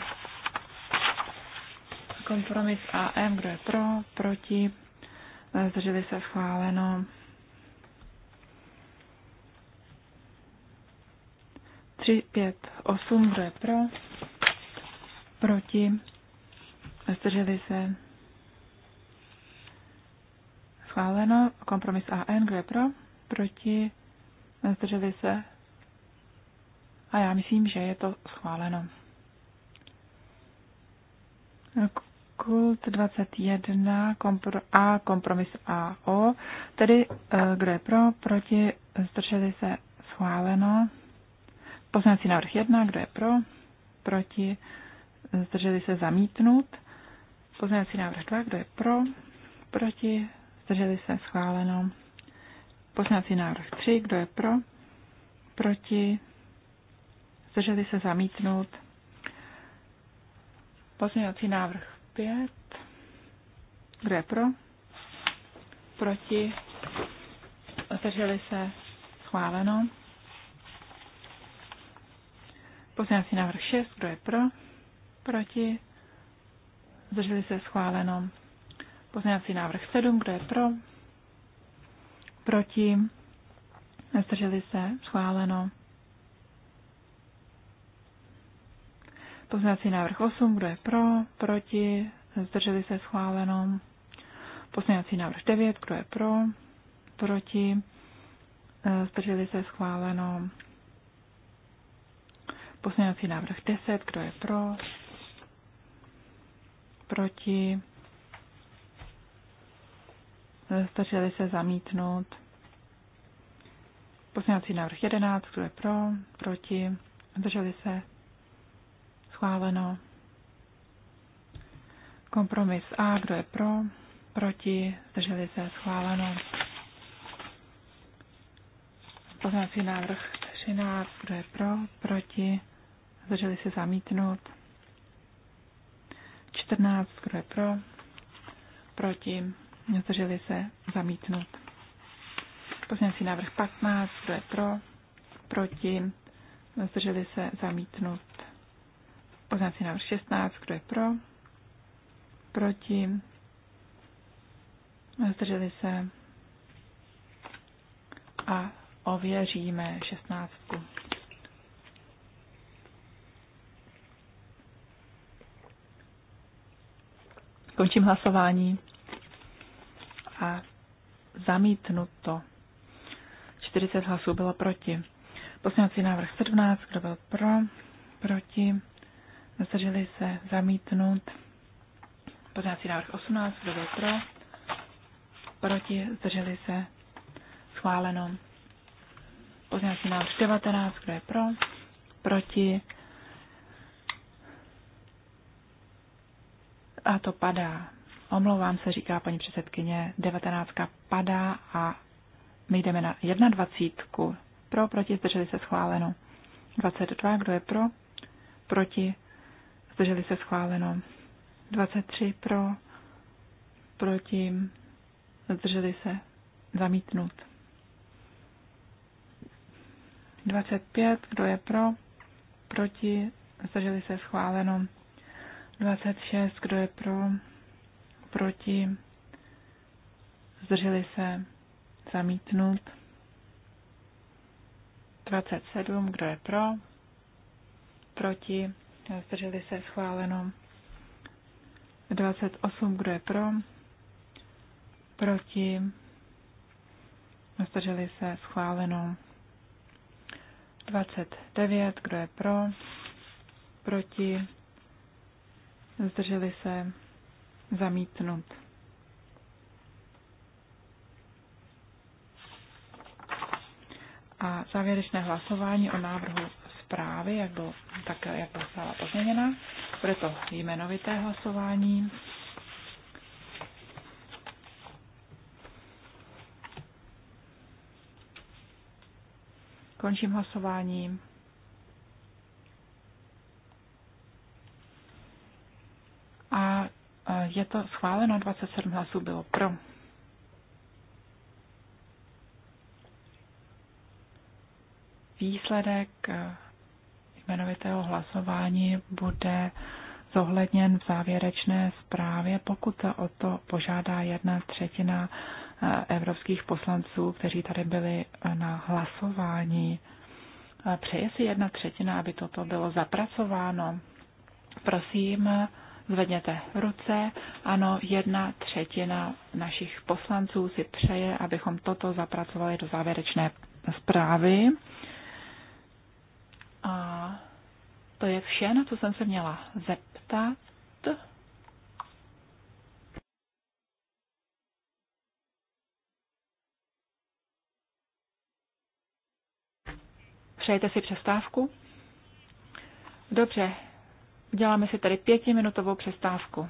[SPEAKER 2] Kompromis AM, kdo je pro? Proti? Zdrželi se? Schváleno. Tři, pět, osm, kdo je pro? Proti? Zdrželi se? Schváleno. Kompromis AN, kdo je pro? Proti? Zdrželi se? A já myslím, že je to schváleno. Kult 21 kompro, A, kompromis AO, tedy eh, kdo je pro, proti, zdrželi se, schváleno. Poznací návrh 1, kdo je pro, proti, zdrželi se, zamítnut. Poznací návrh 2, kdo je pro, proti, Zdrželi se schváleno. Poznací návrh 3. Kdo je pro? Proti? Zdrželi se zamítnout. Pozměňovací návrh 5. Kdo je pro? Proti? Zdrželi se schváleno. Pozměňovací návrh 6. Kdo je pro? Proti? Zdrželi se schváleno. Pozměňovací návrh 7, kdo je pro? Proti? Zdrželi se? Schváleno. Pozměňovací návrh 8, kdo je pro? Proti? Zdrželi se? Schváleno. Pozměňovací návrh 9, kdo je pro? Proti? Zdrželi se? Schváleno. Pozměňovací návrh 10, kdo je pro? Proti? stačili se zamítnout. Pozměňovací návrh 11, kdo je pro, proti, drželi se, schváleno. Kompromis A, kdo je pro, proti, drželi se, schváleno. Pozměňovací návrh 13, kdo je pro, proti, drželi se zamítnout. 14, kdo je pro, proti, nezdrželi se zamítnout. Pozměňovací návrh 15, kdo je pro, proti, zdrželi se zamítnout. Pozměňovací návrh 16, kdo je pro, proti, zdrželi se a ověříme 16. Končím hlasování a zamítnuto. 40 hlasů bylo proti. Poslanecí návrh 17, kdo byl pro, proti, nezdrželi se zamítnout. Poslanecí návrh 18, kdo byl pro, proti, zdrželi se schváleno. Poslanecí návrh 19, kdo je pro, proti. A to padá. Omlouvám se, říká paní předsedkyně, 19 padá a my jdeme na 21. Pro, proti, zdrželi se schváleno. 22, kdo je pro, proti, zdrželi se schváleno. 23 pro, proti, zdrželi se zamítnut. 25, kdo je pro, proti, zdrželi se schváleno. 26, kdo je pro, proti, zdrželi se, zamítnut. 27, kdo je pro, proti, zdrželi se, schváleno. 28, kdo je pro, proti, zdrželi se, schváleno. 29, kdo je pro, proti, zdrželi se, zamítnut. A závěrečné hlasování o návrhu zprávy, jak bylo, tak, jak byla stála pozměněna. Bude to jmenovité hlasování. Končím hlasování. A je to schváleno, 27 hlasů bylo pro. Výsledek eh, jmenovitého hlasování bude zohledněn v závěrečné zprávě, pokud se o to požádá jedna třetina eh, evropských poslanců, kteří tady byli eh, na hlasování. Přeje si jedna třetina, aby toto bylo zapracováno. Prosím, zvedněte ruce. Ano, jedna třetina našich poslanců si přeje, abychom toto zapracovali do závěrečné zprávy. A to je vše, na co jsem se měla zeptat. Přejete si přestávku? Dobře, Uděláme si tady pětiminutovou přestávku.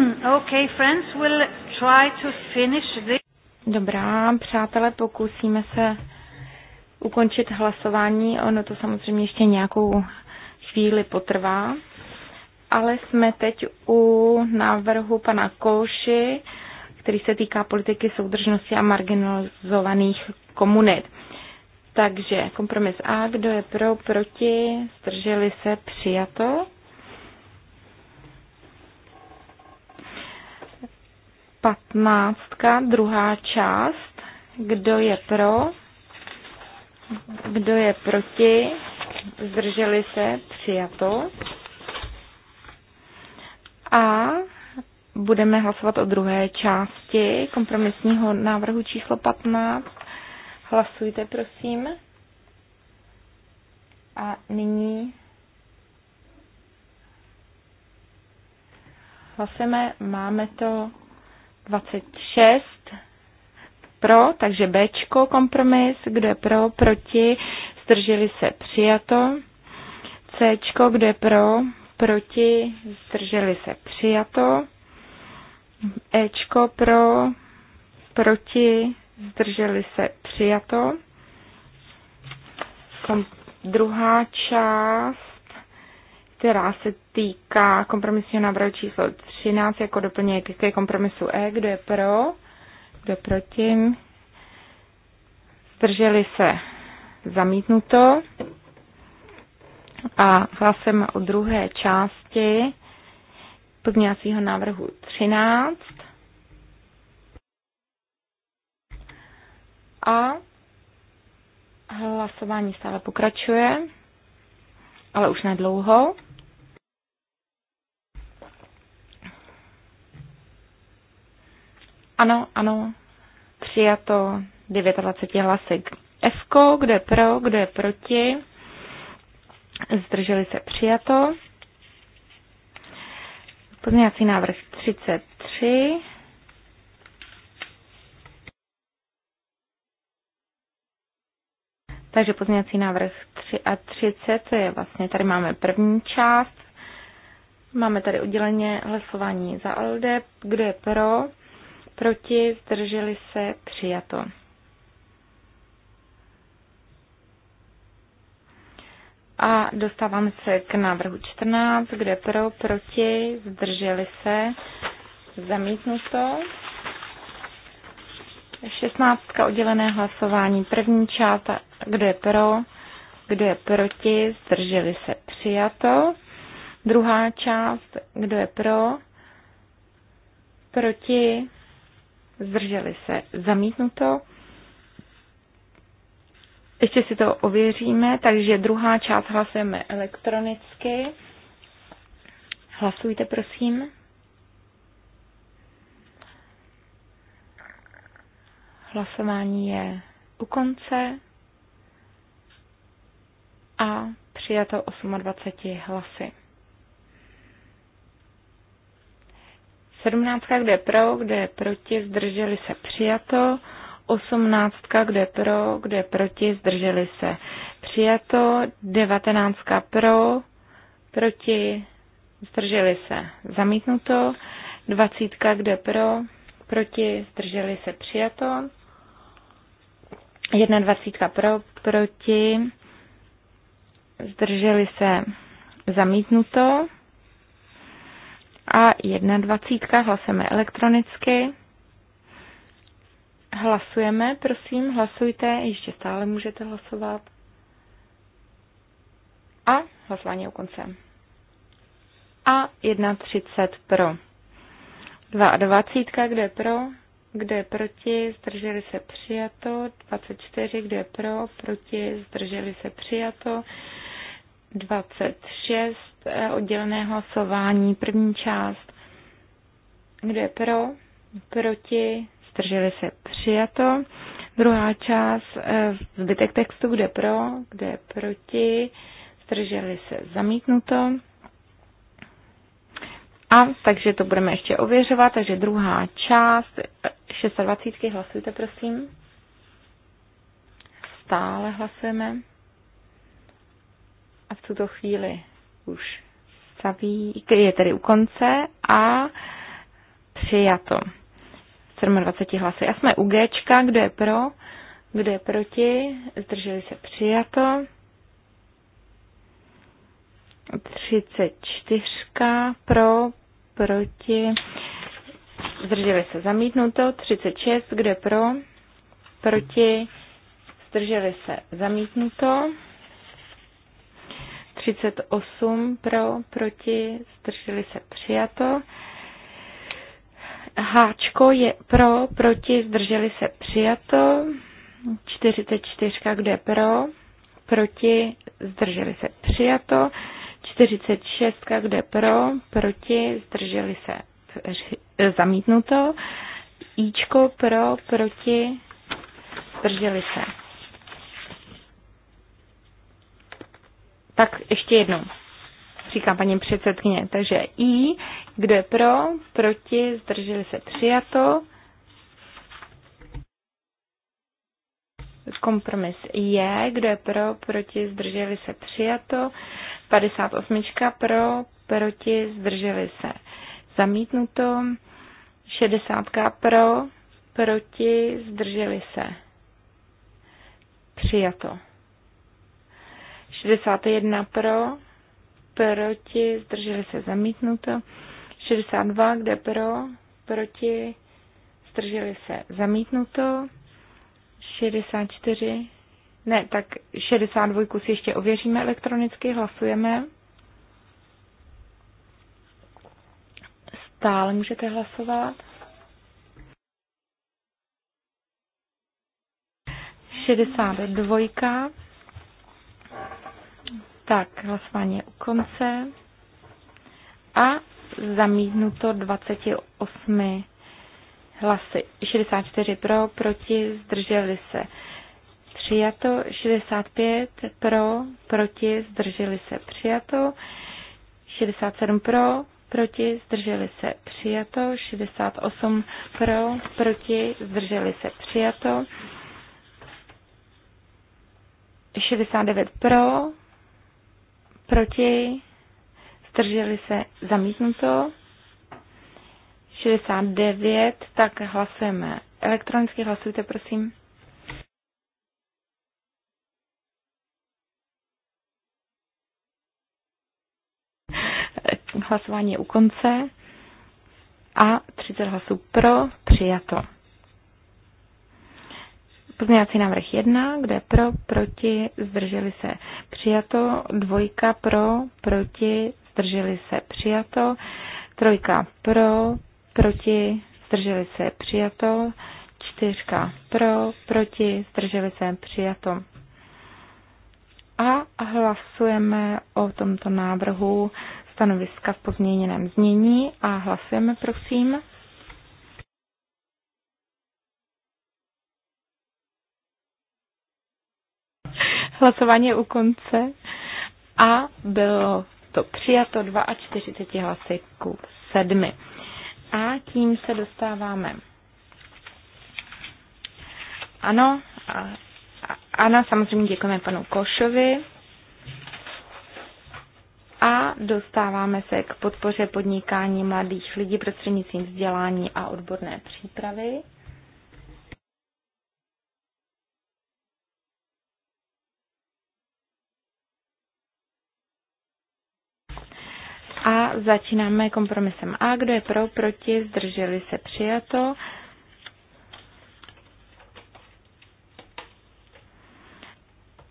[SPEAKER 3] Hmm, okay, friends, we'll try to finish this. Dobrá, přátelé, pokusíme se ukončit hlasování. Ono to samozřejmě ještě nějakou chvíli potrvá. Ale jsme teď u návrhu pana Kouši, který se týká politiky soudržnosti a marginalizovaných komunit. Takže kompromis A, kdo je pro, proti, strželi se, přijato. Patnáctka, druhá část. Kdo je pro? Kdo je proti? Zdrželi se? Přijato. A budeme hlasovat o druhé části kompromisního návrhu číslo 15. Hlasujte, prosím. A nyní hlasujeme, máme to 26 pro, takže Bčko kompromis, kdo je pro, proti, zdrželi se přijato. Cčko, kdo je pro, proti, zdrželi se přijato. Ečko pro, proti, zdrželi se přijato. Kom- druhá část která se týká kompromisního návrhu číslo 13 jako doplněk ke kompromisu E. Kdo je pro? Kdo je proti? Zdrželi se zamítnuto. A hlasem o druhé části pozměňovacího návrhu 13. A hlasování stále pokračuje, ale už nedlouho. Ano, ano, přijato 29 hlasy. Fko, kdo je pro, kdo je proti. Zdrželi se přijato. Pozměňovací návrh 33. Takže pozměňovací návrh 3 a 33, to je vlastně, tady máme první část. Máme tady odděleně hlasování za LD, kdo je pro, proti, zdrželi se, přijato. A dostáváme se k návrhu 14, kde pro, proti, zdrželi se, zamítnuto. 16. oddělené hlasování, první část, kde je pro, kdo je proti, zdrželi se, přijato. Druhá část, kdo je pro, proti, zdrželi se, zamítnuto. Ještě si to ověříme, takže druhá část hlasujeme elektronicky. Hlasujte, prosím. Hlasování je u konce a přijato 28 hlasy. Sedmnáctka, kde je pro, kde je proti, zdrželi se přijato. Osmnáctka kde je pro, kde je proti, zdrželi se přijato. Devatenáctka pro, proti, zdrželi se zamítnuto. Dvacítka, kde je pro, proti, zdrželi se přijato. 21 pro, proti, zdrželi se zamítnuto a 21. Hlasujeme elektronicky. Hlasujeme, prosím, hlasujte, ještě stále můžete hlasovat. A hlasování u konce. A 31 pro. 22, kde je pro, kde je proti, zdrželi se přijato. 24, kde je pro, proti, zdrželi se přijato. 26, Eh, oddělené hlasování. První část, kdo je pro, proti, zdrželi se přijato. Druhá část, eh, zbytek textu, kde pro, kde proti, zdrželi se zamítnuto. A takže to budeme ještě ověřovat, takže druhá část, 26. Eh, hlasujte prosím. Stále hlasujeme. A v tuto chvíli už zaví, je tedy u konce a přijato. 27 hlasy. A jsme u G, kdo je pro, kdo je proti, zdrželi se přijato. 34 pro, proti, zdrželi se zamítnuto. 36, kdo je pro, proti, zdrželi se zamítnuto. 38 pro, proti, zdrželi se přijato. Háčko je pro, proti, zdrželi se přijato. 44, kde pro, proti, zdrželi se přijato. 46, kde pro, proti, zdrželi se eh, zamítnuto. Ičko pro, proti, zdrželi se Tak ještě jednou, říká paní předsedkyně. Takže I, kdo je pro, proti, zdrželi se přijato. Kompromis je, kdo je pro, proti, zdrželi se přijato. 58 pro, proti, zdrželi se zamítnuto. 60 pro, proti, zdrželi se přijato. 61 pro, proti, zdrželi se zamítnuto. 62, kde pro, proti, zdrželi se zamítnuto. 64, ne, tak 62 si ještě ověříme elektronicky, hlasujeme. Stále můžete hlasovat. 62. Tak, hlasování je u konce. A zamítnuto 28 hlasy. 64 pro, proti, zdrželi se. Přijato 65 pro, proti, zdrželi se. Přijato 67 pro, proti, zdrželi se. Přijato 68 pro, proti, zdrželi se. Přijato 69 pro, proti, zdrželi se zamítnuto. 69, tak hlasujeme elektronicky, hlasujte prosím. Hlasování je u konce a 30 hlasů pro, přijato. Pozměňovací návrh 1, kde pro, proti, zdrželi se přijato. Dvojka pro, proti, zdrželi se přijato. Trojka pro, proti, zdrželi se přijato. Čtyřka pro, proti, zdrželi se přijato. A hlasujeme o tomto návrhu stanoviska v pozměněném znění a hlasujeme, prosím. Hlasování je u konce a bylo to přijato 42 hlasy ku 7. A tím se dostáváme. Ano, a, a, ano, samozřejmě děkujeme panu Košovi. A dostáváme se k podpoře podnikání mladých lidí prostřednictvím vzdělání a odborné přípravy. A začínáme kompromisem A. Kdo je pro, proti, zdrželi se přijato.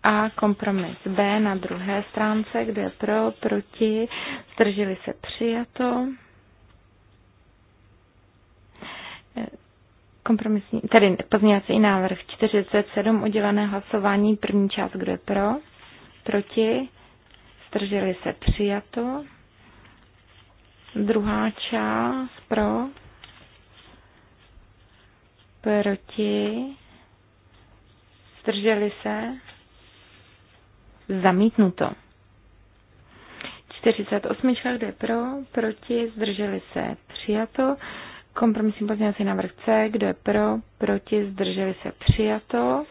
[SPEAKER 3] A kompromis B na druhé stránce, kde je pro, proti, zdrželi se přijato. Kompromisní, tedy pozměňovací návrh 47, udělané hlasování, první část, kdo je pro, proti, zdrželi se přijato. Druhá část pro, proti, zdrželi se, zamítnuto. 48. kde pro, proti, zdrželi se, přijato. Kompromisní pozměňovací návrh C, kde je pro, proti, zdrželi se, přijato.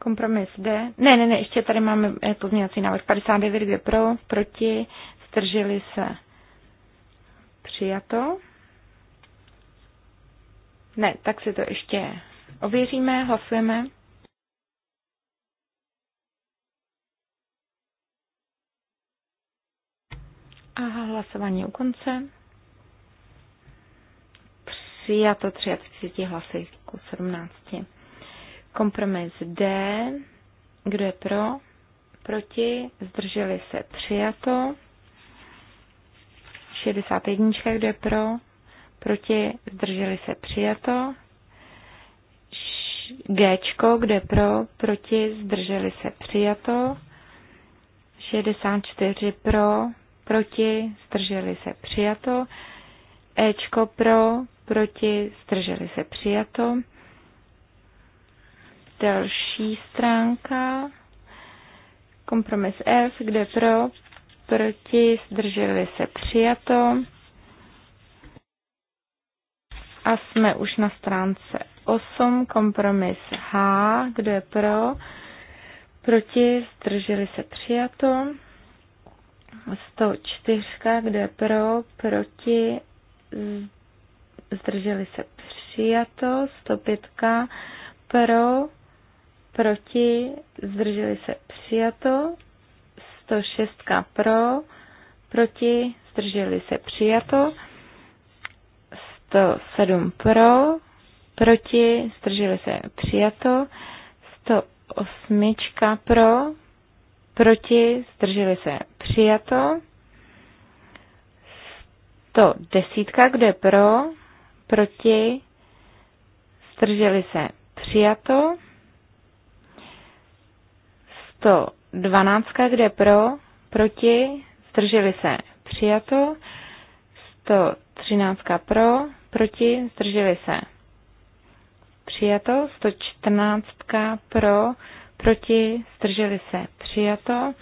[SPEAKER 3] Kompromis D. Ne, ne, ne, ještě tady máme eh, pozměňovací návrh 59, kde pro, proti, stržili se. Přijato. Ne, tak si to ještě ověříme, hlasujeme. A hlasování u konce. Přijato 33 hlasy ku 17. Kompromis D. Kdo je pro? Proti? Zdrželi se přijato. 61. Kdo je pro? Proti? Zdrželi se přijato. G. Kdo je pro? Proti? Zdrželi se přijato. 64 pro, proti, zdrželi se přijato. Ečko pro, proti, zdrželi se přijato. Další stránka, kompromis F, kde pro, proti, zdrželi se přijato. A jsme už na stránce 8, kompromis H, kde pro, proti, zdrželi se přijato. 104, kde pro, proti, zdrželi se přijato. 105, pro, proti, zdrželi se přijato, 106 pro, proti, zdrželi se přijato, 107 pro, proti, zdrželi se přijato, 108 pro, proti, zdrželi se přijato, 110, kde pro, proti, zdrželi se přijato, 112, kde pro, proti, zdrželi se přijato. 113 pro, proti, zdrželi se přijato. 114 pro, proti, zdrželi se přijato.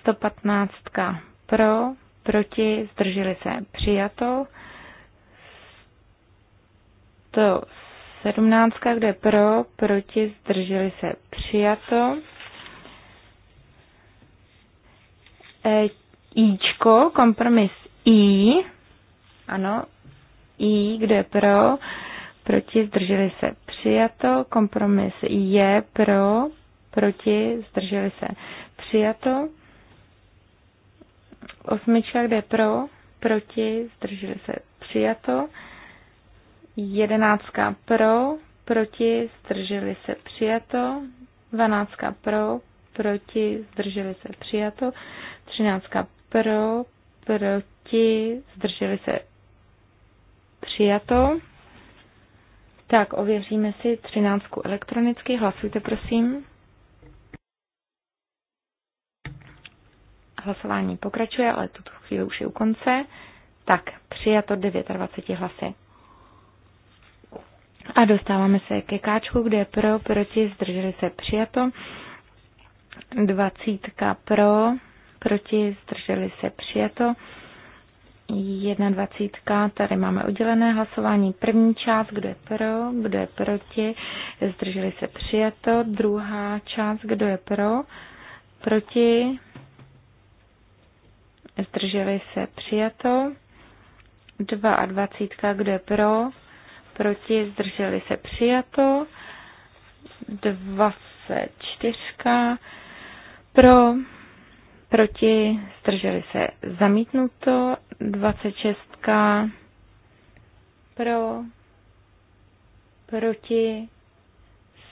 [SPEAKER 3] 115 pro, proti, zdrželi se přijato. 117, kde pro, proti, zdrželi se přijato. E, Ičko, kompromis I, ano, I, kde je pro, proti, zdrželi se, přijato, kompromis je pro, proti, zdrželi se, přijato, osmička, kde je pro, proti, zdrželi se, přijato, jedenáctka pro, proti, zdrželi se, přijato, dvanáctka pro, proti, zdrželi se, přijato, 13 pro, proti, zdrželi se přijato. Tak, ověříme si 13 elektronicky. Hlasujte, prosím. Hlasování pokračuje, ale tuto chvíli už je u konce. Tak, přijato 29 hlasy. A dostáváme se ke káčku, kde je pro, proti, zdrželi se přijato. Dvacítka pro, proti, zdrželi se přijato. 21. Tady máme oddělené hlasování. První část, kdo je pro, kdo je proti, zdrželi se přijato. Druhá část, kdo je pro, proti, zdrželi se přijato. 22. Kdo je pro, proti, zdrželi se přijato. 24. Pro, proti, zdrželi se zamítnuto, 26 pro, proti,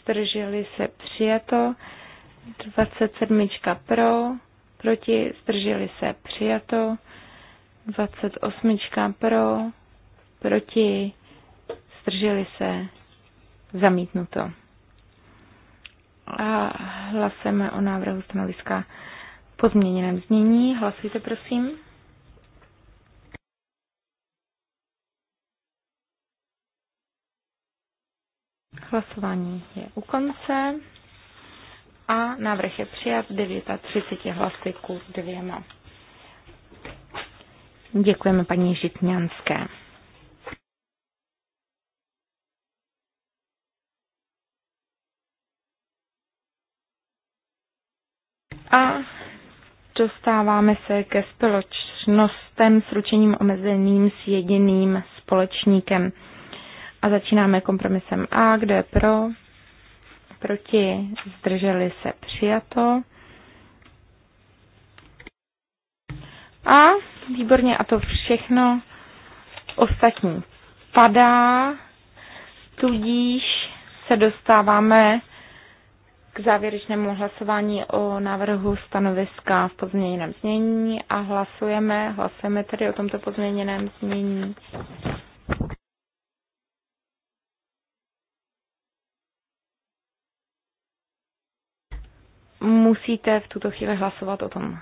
[SPEAKER 3] zdrželi se přijato, 27 pro, proti, zdrželi se přijato, 28 pro, proti, zdrželi se zamítnuto. A hlasujeme o návrhu stanoviska pozměněném znění. Hlasujte, prosím. Hlasování je u konce a návrh je přijat 39 hlasy ku dvěma. Děkujeme paní Žitňanské. A dostáváme se ke společnostem s ručením omezeným s jediným společníkem. A začínáme kompromisem A, kdo je pro, proti, zdrželi se přijato. A výborně, a to všechno ostatní padá, tudíž se dostáváme k závěrečnému hlasování o návrhu stanoviska v pozměněném znění a hlasujeme, hlasujeme tedy o tomto pozměněném znění. Musíte v tuto chvíli hlasovat o tom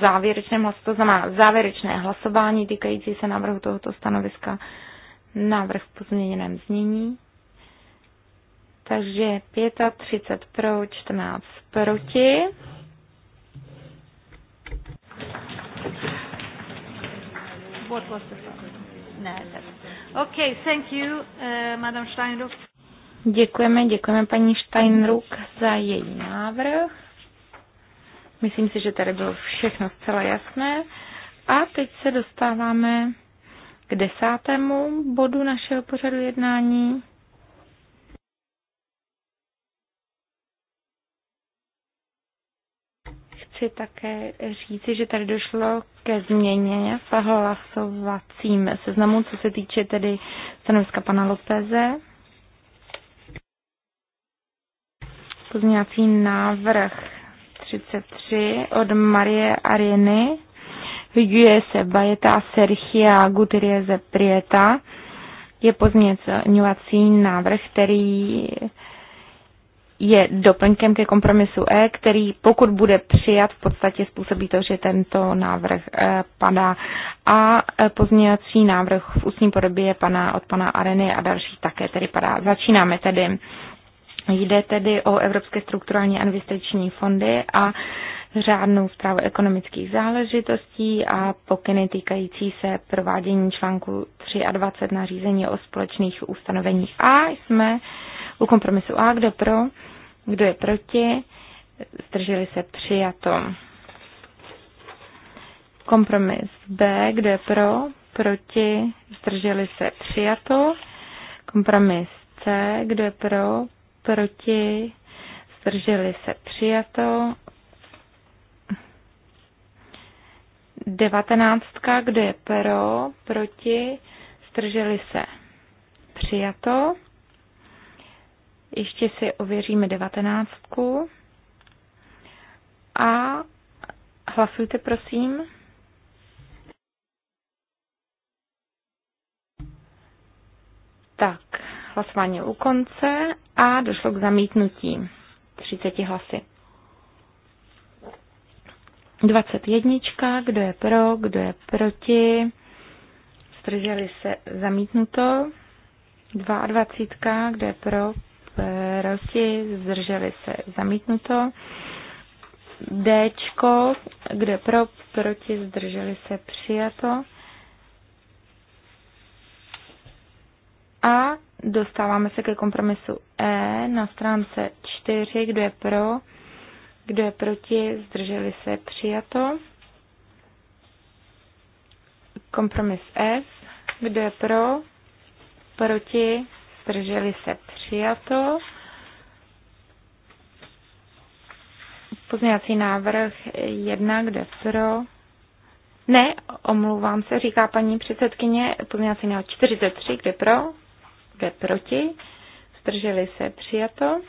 [SPEAKER 3] závěrečném hlasování, to znamená závěrečné hlasování týkající se návrhu tohoto stanoviska, návrh v pozměněném znění. Takže 35 pro, 14 proti.
[SPEAKER 1] What was the no, Okay, thank you, uh, eh, Madam Steinruck.
[SPEAKER 3] Děkujeme, děkujeme paní Steinruck za její návrh. Myslím si, že tady bylo všechno zcela jasné. A teď se dostáváme k desátému bodu našeho pořadu jednání. chci také říci, že tady došlo ke změně v hlasovacím seznamu, co se týče tedy stanoviska pana Lopeze. Pozměňovací návrh 33 od Marie Ariny. Higuie se Bajeta Serchia Gutierrez Prieta je pozměňovací návrh, který je doplňkem ke kompromisu E, který pokud bude přijat, v podstatě způsobí to, že tento návrh e, padá. A e, pozměňovací návrh v ústní podobě pana, od pana Areny a další také tedy padá. Začínáme tedy. Jde tedy o Evropské strukturální investiční fondy a řádnou zprávu ekonomických záležitostí a pokyny týkající se provádění článku 23 nařízení o společných ustanoveních. A jsme u kompromisu A, kdo pro, kdo je proti, zdrželi se přijato. Kompromis B, kdo je pro, proti, zdrželi se přijato. Kompromis C, kdo je pro, proti, zdrželi se přijato. Devatenáctka, kdo je pro, proti, zdrželi se přijato. Ještě si ověříme devatenáctku. A hlasujte, prosím. Tak, hlasování u konce a došlo k zamítnutí 30 hlasy. 21. Kdo je pro, kdo je proti? Zdrželi se zamítnuto. 22. Kdo je pro, proti, zdrželi se zamítnuto. D, kde pro, proti, zdrželi se přijato. A dostáváme se ke kompromisu E na stránce 4, kdo je pro, kdo je proti, zdrželi se přijato. Kompromis s kdo je pro, proti, zdrželi se přijato. Pozměňovací návrh 1, kde pro? Ne, omlouvám se, říká paní předsedkyně. Pozměňovací návrh 43, kde pro? Kde proti? Zdrželi se přijato.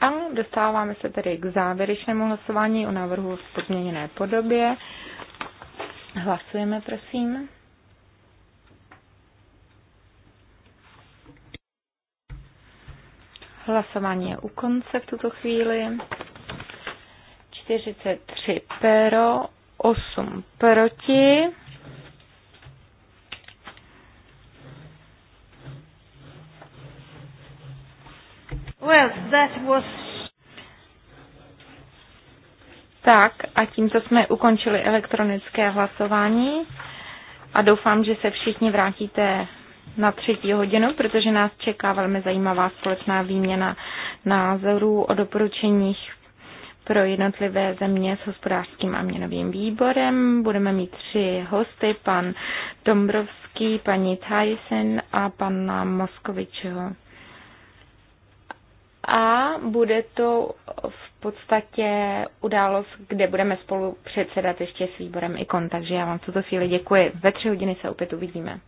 [SPEAKER 3] A dostáváme se tedy k závěrečnému hlasování o návrhu v podměněné podobě. Hlasujeme, prosím. Hlasování je u konce v tuto chvíli. 43 pero, 8 proti.
[SPEAKER 1] Well, that was
[SPEAKER 3] tak a tímto jsme ukončili elektronické hlasování a doufám, že se všichni vrátíte na třetí hodinu, protože nás čeká velmi zajímavá společná výměna názorů o doporučeních pro jednotlivé země s hospodářským a měnovým výborem. Budeme mít tři hosty, pan Dombrovský, paní Tyson a pana Moskovičeho a bude to v podstatě událost, kde budeme spolu předsedat ještě s výborem IKON, takže já vám v tuto chvíli děkuji. Ve tři hodiny se opět uvidíme.